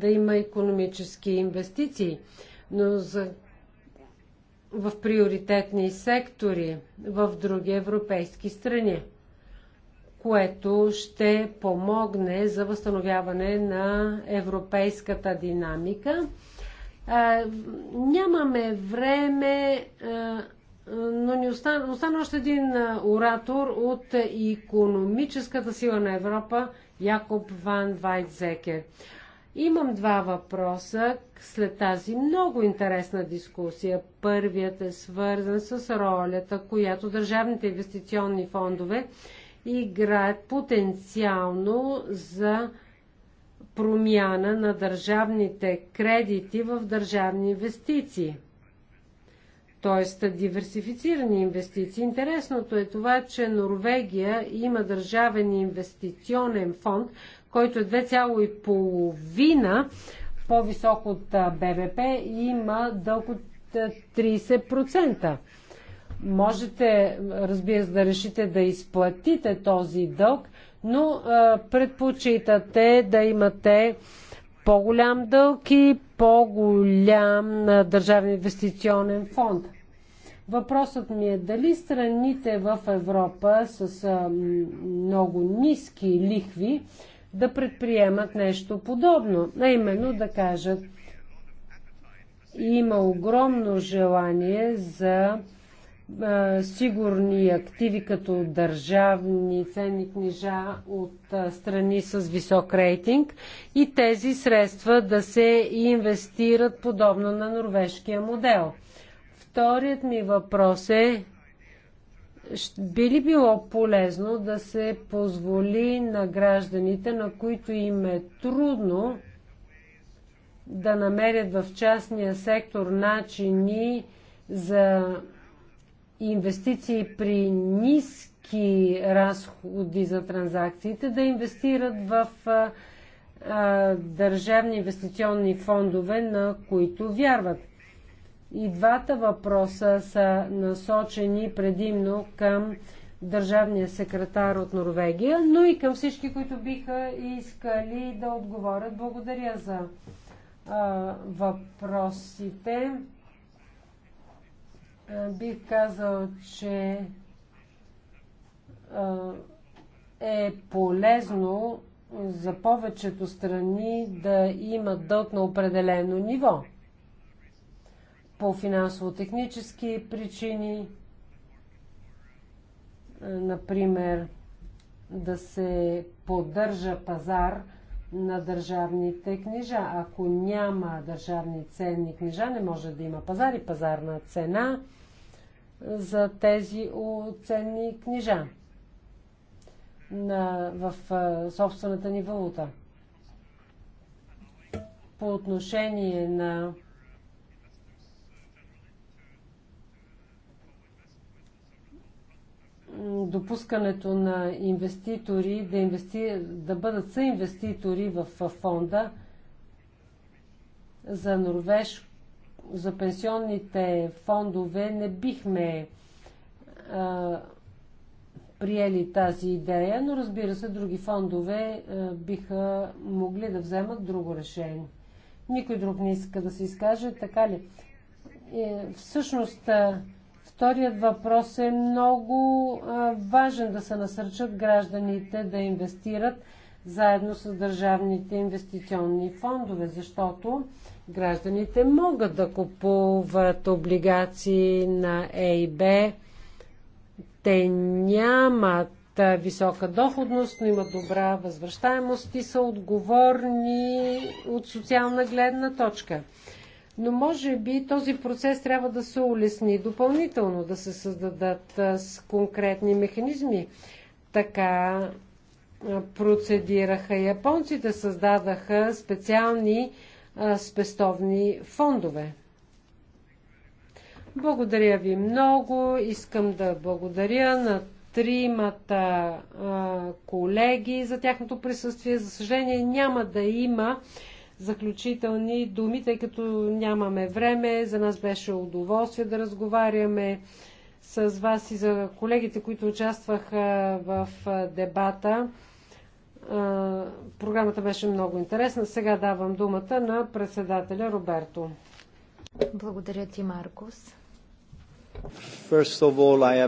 Speaker 1: да има економически инвестиции, но за, в приоритетни сектори в други европейски страни, което ще помогне за възстановяване на европейската динамика. А, нямаме време. А, но ни остана, остана още един оратор от економическата сила на Европа, Якоб Ван Вайтзекер. Имам два въпроса след тази много интересна дискусия. Първият е свързан с ролята, която държавните инвестиционни фондове играят потенциално за промяна на държавните кредити в държавни инвестиции т.е. диверсифицирани инвестиции. Интересното е това, че Норвегия има държавен инвестиционен фонд, който е 2,5 по-висок от БВП и има дълг от 30%. Можете, разбира се, да решите да изплатите този дълг, но предпочитате да имате по-голям дълг и по-голям държавен инвестиционен фонд. Въпросът ми е дали страните в Европа с много ниски лихви да предприемат нещо подобно, а именно да кажат има огромно желание за сигурни активи като държавни ценни книжа от страни с висок рейтинг и тези средства да се инвестират подобно на норвежкия модел. Вторият ми въпрос е би ли било полезно да се позволи на гражданите, на които им е трудно да намерят в частния сектор начини за инвестиции при ниски разходи за транзакциите, да инвестират в а, а, държавни инвестиционни фондове, на които вярват. И двата въпроса са насочени предимно към държавния секретар от Норвегия, но и към всички, които биха искали да отговорят. Благодаря за а, въпросите. Е, бих казал, че е, е полезно за повечето страни да имат дълг на определено ниво. По финансово-технически причини, е, например, да се поддържа пазар на държавните книжа. Ако няма държавни ценни книжа, не може да има пазар и пазарна цена за тези ценни книжа на, в собствената ни валута. По отношение на допускането на инвеститори да, инвести... да бъдат съинвеститори в фонда за Норвеж, за пенсионните фондове не бихме а, приели тази идея, но разбира се, други фондове а, биха могли да вземат друго решение. Никой друг не иска да се изкаже, така ли? И, е, всъщност, Вторият въпрос е много важен да се насърчат гражданите да инвестират заедно с държавните инвестиционни фондове, защото гражданите могат да купуват облигации на ЕИБ. Те нямат висока доходност, но имат добра възвръщаемост и са отговорни от социална гледна точка но може би този процес трябва да се улесни допълнително, да се създадат с конкретни механизми. Така процедираха японците, създадаха специални спестовни фондове. Благодаря ви много. Искам да благодаря на тримата колеги за тяхното присъствие. За съжаление няма да има заключителни думи, тъй като нямаме време. За нас беше удоволствие да разговаряме с вас и за колегите, които участваха в дебата. Програмата беше много интересна. Сега давам думата на председателя Роберто. Благодаря ти, Маркус.
Speaker 2: All,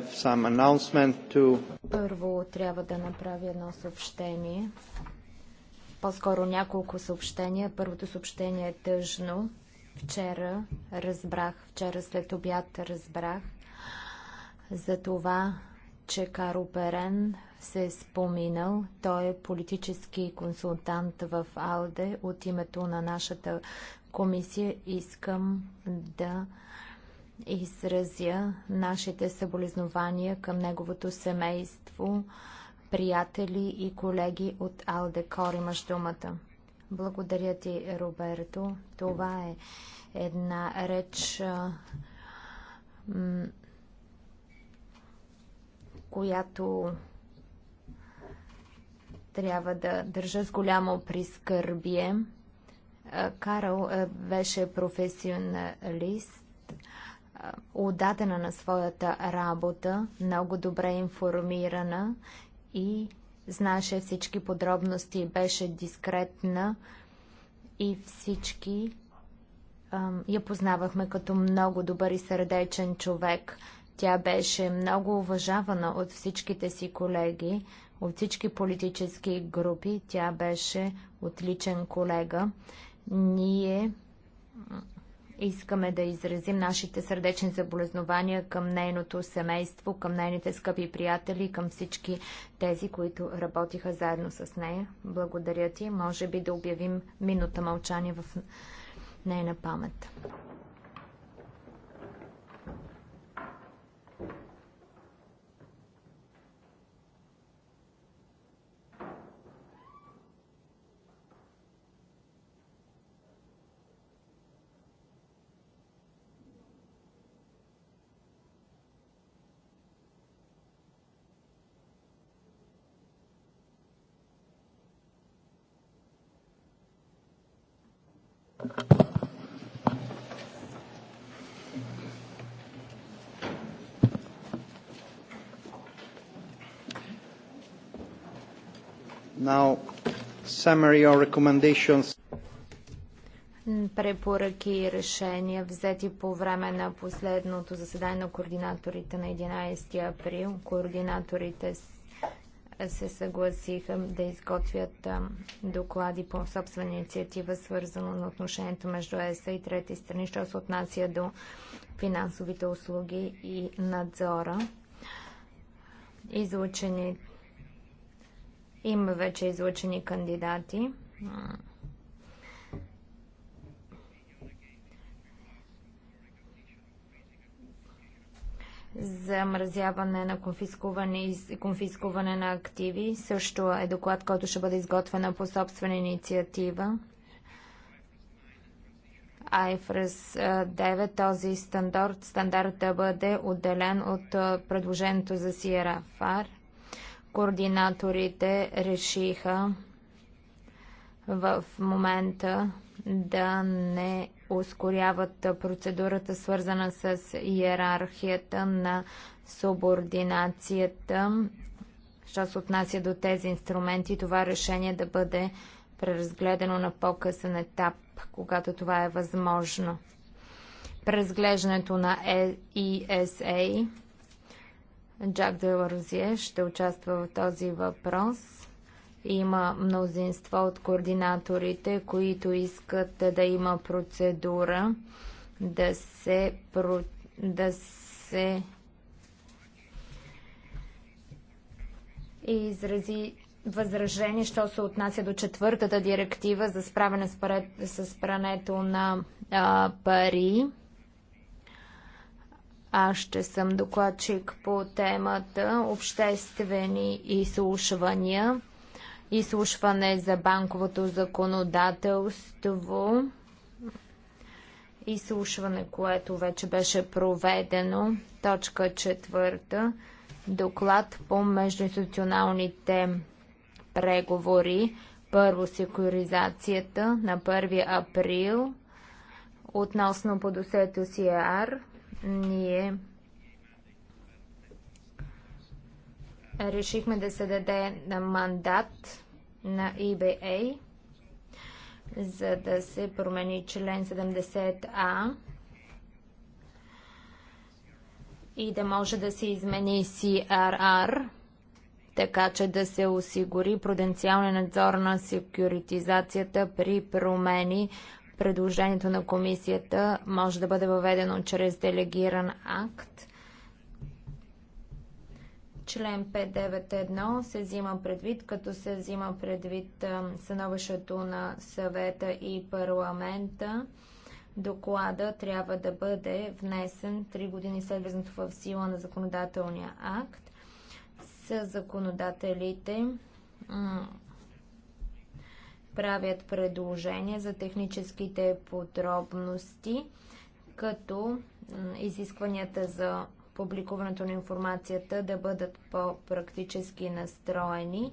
Speaker 2: to...
Speaker 3: Първо трябва да направя едно съобщение по-скоро няколко съобщения. Първото съобщение е тъжно. Вчера разбрах, вчера след обяд разбрах за това, че Каро Перен се е споминал. Той е политически консултант в АЛДЕ. От името на нашата комисия искам да изразя нашите съболезнования към неговото семейство приятели и колеги от Алдекор имаш думата. Благодаря ти, Роберто. Това е една реч, която трябва да държа с голямо прискърбие. Карл беше професионалист, отдадена на своята работа, много добре информирана и знаеше всички подробности, беше дискретна и всички я познавахме като много добър и сърдечен човек. Тя беше много уважавана от всичките си колеги, от всички политически групи. Тя беше отличен колега. Ние Искаме да изразим нашите сърдечни заболезнования към нейното семейство, към нейните скъпи приятели, към всички тези, които работиха заедно с нея. Благодаря ти. Може би да обявим минута мълчание в нейна памет. Now, summary or recommendations. Препоръки и решения, взети по време на последното заседание на координаторите на 11 април. Координаторите се съгласиха да изготвят доклади по собствена инициатива, свързано на отношението между ЕСА и трети страни, що се отнася до финансовите услуги и надзора. Излучените има вече излучени кандидати. замразяване на конфискуване и конфискуване на активи. Също е доклад, който ще бъде изготвен по собствена инициатива. IFRS 9, този стандарт, стандарт да бъде отделен от предложението за CRFR. Координаторите решиха в момента да не ускоряват процедурата, свързана с иерархията на субординацията. Що се отнася до тези инструменти, това решение да бъде преразгледано на по-късен етап, когато това е възможно. Преразглеждането на ESA е Джак Деларозие ще участва в този въпрос. Има мнозинство от координаторите, които искат да има процедура да се, про... да се изрази възражение, що се отнася до четвъртата директива за справяне с, паре... с прането на а, пари. Аз ще съм докладчик по темата обществени изслушвания. Изслушване за банковото законодателство. Изслушване, което вече беше проведено. Точка четвърта. Доклад по междуинституционалните преговори. Първо секуризацията на 1 април относно по досето СИАР ние решихме да се даде мандат на EBA, за да се промени член 70А и да може да се измени CRR, така че да се осигури пруденциален надзор на секюритизацията при промени предложението на комисията може да бъде въведено чрез делегиран акт. Член 591 се взима предвид, като се взима предвид становището на съвета и парламента. Доклада трябва да бъде внесен 3 години след влизането в сила на законодателния акт. С законодателите правят предложения за техническите подробности, като изискванията за публикуването на информацията да бъдат по-практически настроени.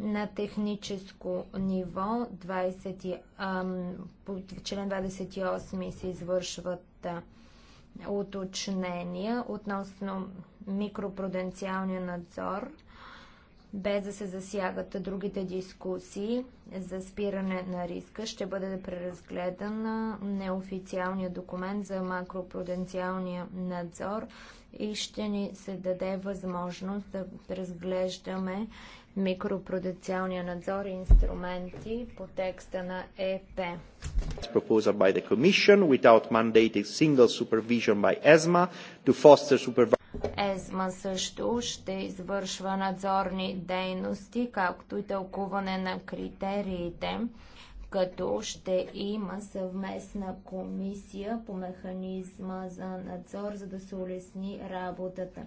Speaker 3: На техническо ниво 20, по член 28 се извършват уточнения относно микропруденциалния надзор – без да се засягат другите дискусии за спиране на риска, ще бъде преразгледан неофициалния документ за макропруденциалния надзор и ще ни се даде възможност да разглеждаме микропруденциалния надзор и инструменти по текста на ЕП. proposal by the Commission without mandating single supervision by ESMA to foster ЕСМА също ще извършва надзорни дейности, както и тълкуване на критериите, като ще има съвместна комисия по механизма за надзор, за да се улесни работата.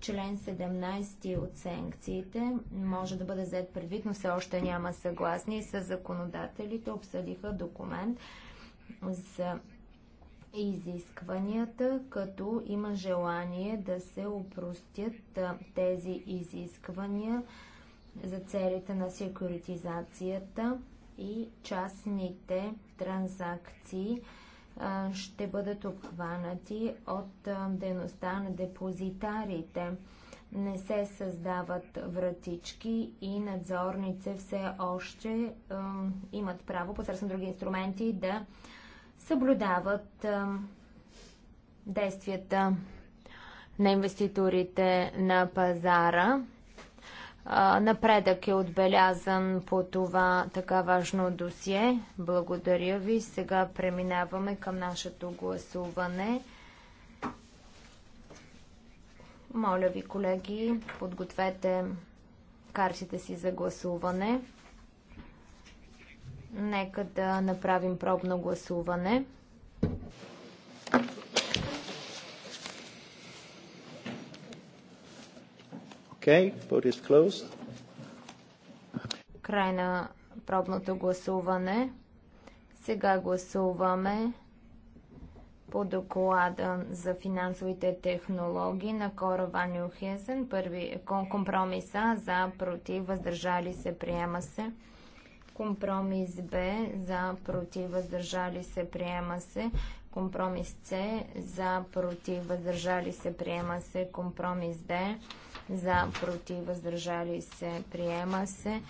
Speaker 3: Член 17 от санкциите може да бъде взет предвид, но все още няма съгласни. С законодателите обсъдиха документ за изискванията, като има желание да се упростят тези изисквания за целите на секюритизацията и частните транзакции ще бъдат обхванати от дейността на депозитарите. Не се създават вратички и надзорници все още имат право посредством други инструменти да съблюдават действията на инвеститорите на пазара. Напредък е отбелязан по това така важно досие. Благодаря ви. Сега преминаваме към нашето гласуване. Моля ви, колеги, подгответе картите си за гласуване. Нека да направим пробно гласуване.
Speaker 2: Okay, vote is closed.
Speaker 3: Край на пробното гласуване. Сега гласуваме по доклада за финансовите технологии на Кора Ванюхезен. Първи е компромиса за, против, въздържали се, приема се. Компромис Б за против въздържали се приема се. Компромис С за против въздържали се приема се. Компромис Д за против въздържали се приема се.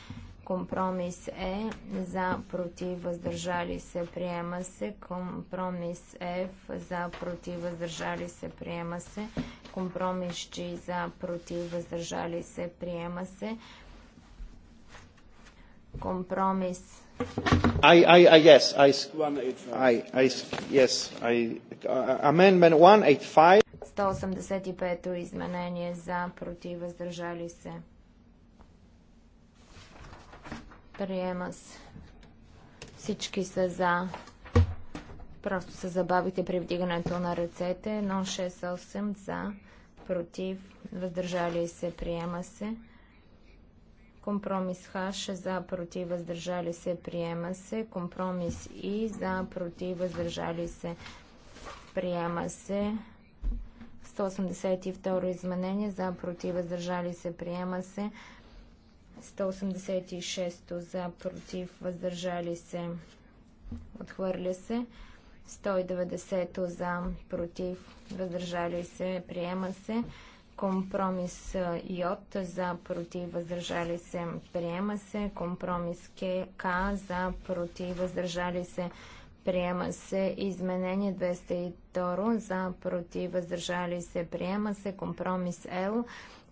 Speaker 3: Компромис Е за против въздържали се приема се. Компромис Ф за против въздържали се приема се. Компромис G за против въздържали се приема се компромис.
Speaker 1: I, I, I, yes, I,
Speaker 2: I, I, yes, I, uh, amendment 185.
Speaker 3: 185-то изменение за против въздържали се. Приема се. Всички са за. Просто се забавите при вдигането на ръцете. 068 за против въздържали се. Приема се. Компромис Хаш за против въздържали се приема се. Компромис И за против въздържали се приема се. 182 изменение за против въздържали се приема се. 186 за против въздържали се отхвърля се. 190 за против въздържали се приема се. Компромис Йот за против въздържали се приема се. Компромис К, за против въздържали се приема се. Изменение 202 за против въздържали се приема се. Компромис Л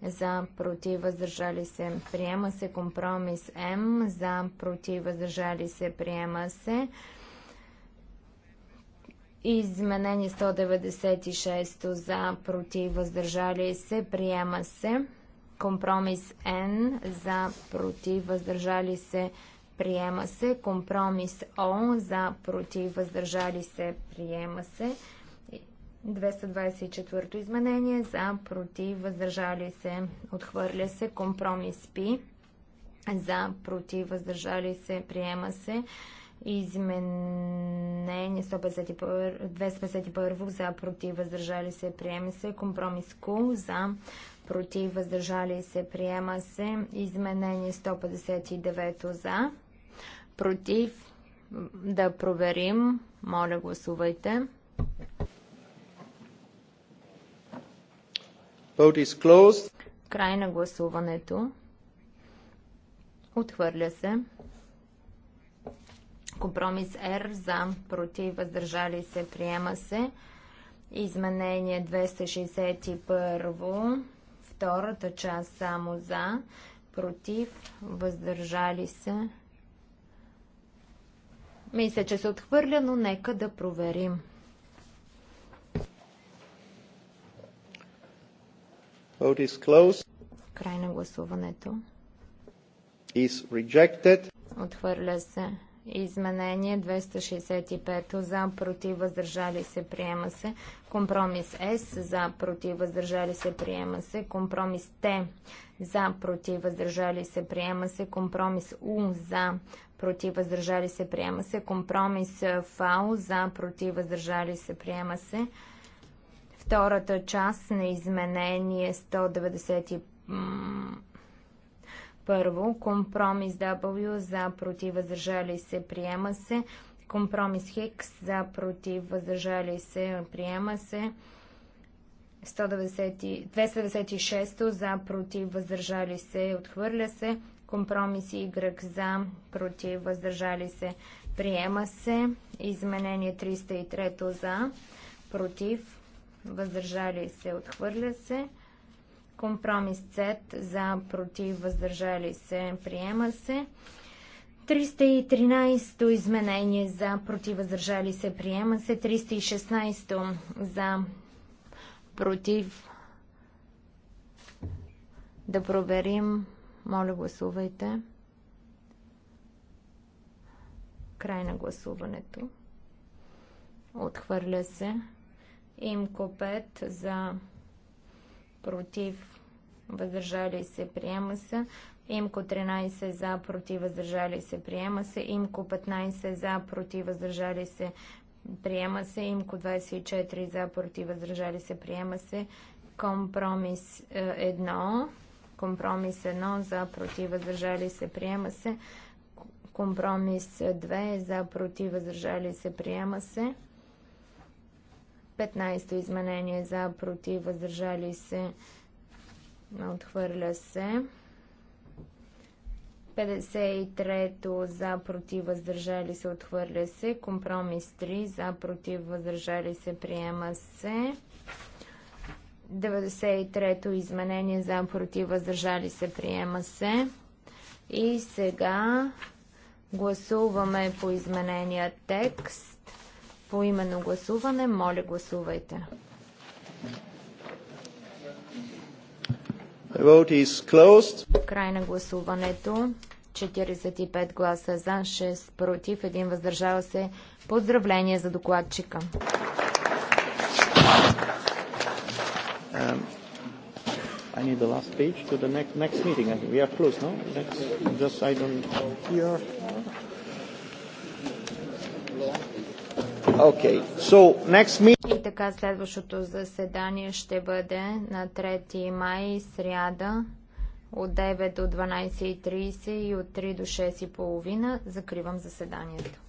Speaker 3: за против въздържали се приема се. Компромис М за против въздържали се приема се. Изменение 196 за против въздържали се. Приема се. Компромис Н за против въздържали се. Приема се. Компромис О за против въздържали се. Приема се. 224 то изменение за против въздържали се. Отхвърля се. Компромис П за против въздържали се. Приема се. Изменение 251 за против въздържали се приема се. Компромис КУ за против въздържали се приема се. Изменение 159 за против да проверим. Моля гласувайте.
Speaker 2: Vote is closed.
Speaker 3: Край на гласуването. Отхвърля се. Компромис Р за, против, въздържали се, приема се. Изменение 261. Втората част само за, против, въздържали се. Мисля, че се отхвърля, но нека да проверим. Край на гласуването. Отхвърля се. Изменение 265 за, против, въздържали се, приема се. Компромис С за, против, въздържали се, приема се. Компромис Т за, против, въздържали се, приема се. Компромис У за, против, въздържали се, приема се. Компромис ФАО за, против, въздържали се, приема се. Втората част на изменение 195 първо, компромис W за против въздържали се приема се. Компромис Хикс за против въздържали се приема се. 296 за против въздържали се отхвърля се. Компромис Y за против въздържали се приема се. Изменение 303 за против въздържали се отхвърля се. Компромис С за против въздържали се приема се. 313-то изменение за против въздържали се приема се. 316-то за против да проверим. Моля гласувайте. Край на гласуването. Отхвърля се. Имко 5 за против въздържали се, приема се. Имко 13 за, против, въздържали се, приема се. Имко 15 за, против, въздържали се, приема се. Имко 24 за, против, въздържали се, приема се. Компромис 1. Е, Компромис 1 за, против, въздържали се, приема се. Компромис 2 за, против, въздържали се, приема се. 15 изменение за, против, въздържали се, приема се. Отхвърля се. 53-то за против въздържали се отхвърля се. Компромис 3 за против въздържали се приема се. 93-то изменение за против въздържали се приема се. И сега гласуваме по изменения текст. По именно гласуване, моля гласувайте. Thank you. Край на гласуването. 45 гласа за, 6 против, 1 въздържава се. Поздравление за докладчика.
Speaker 2: Um, I need the last page to the next, next meeting. I think we are close, no? Next, just
Speaker 3: I don't hear. Okay.
Speaker 2: So, next meet...
Speaker 3: И така следващото заседание ще бъде на 3 май, сряда, от 9 до 12.30 и от 3 до 6.30. Закривам заседанието.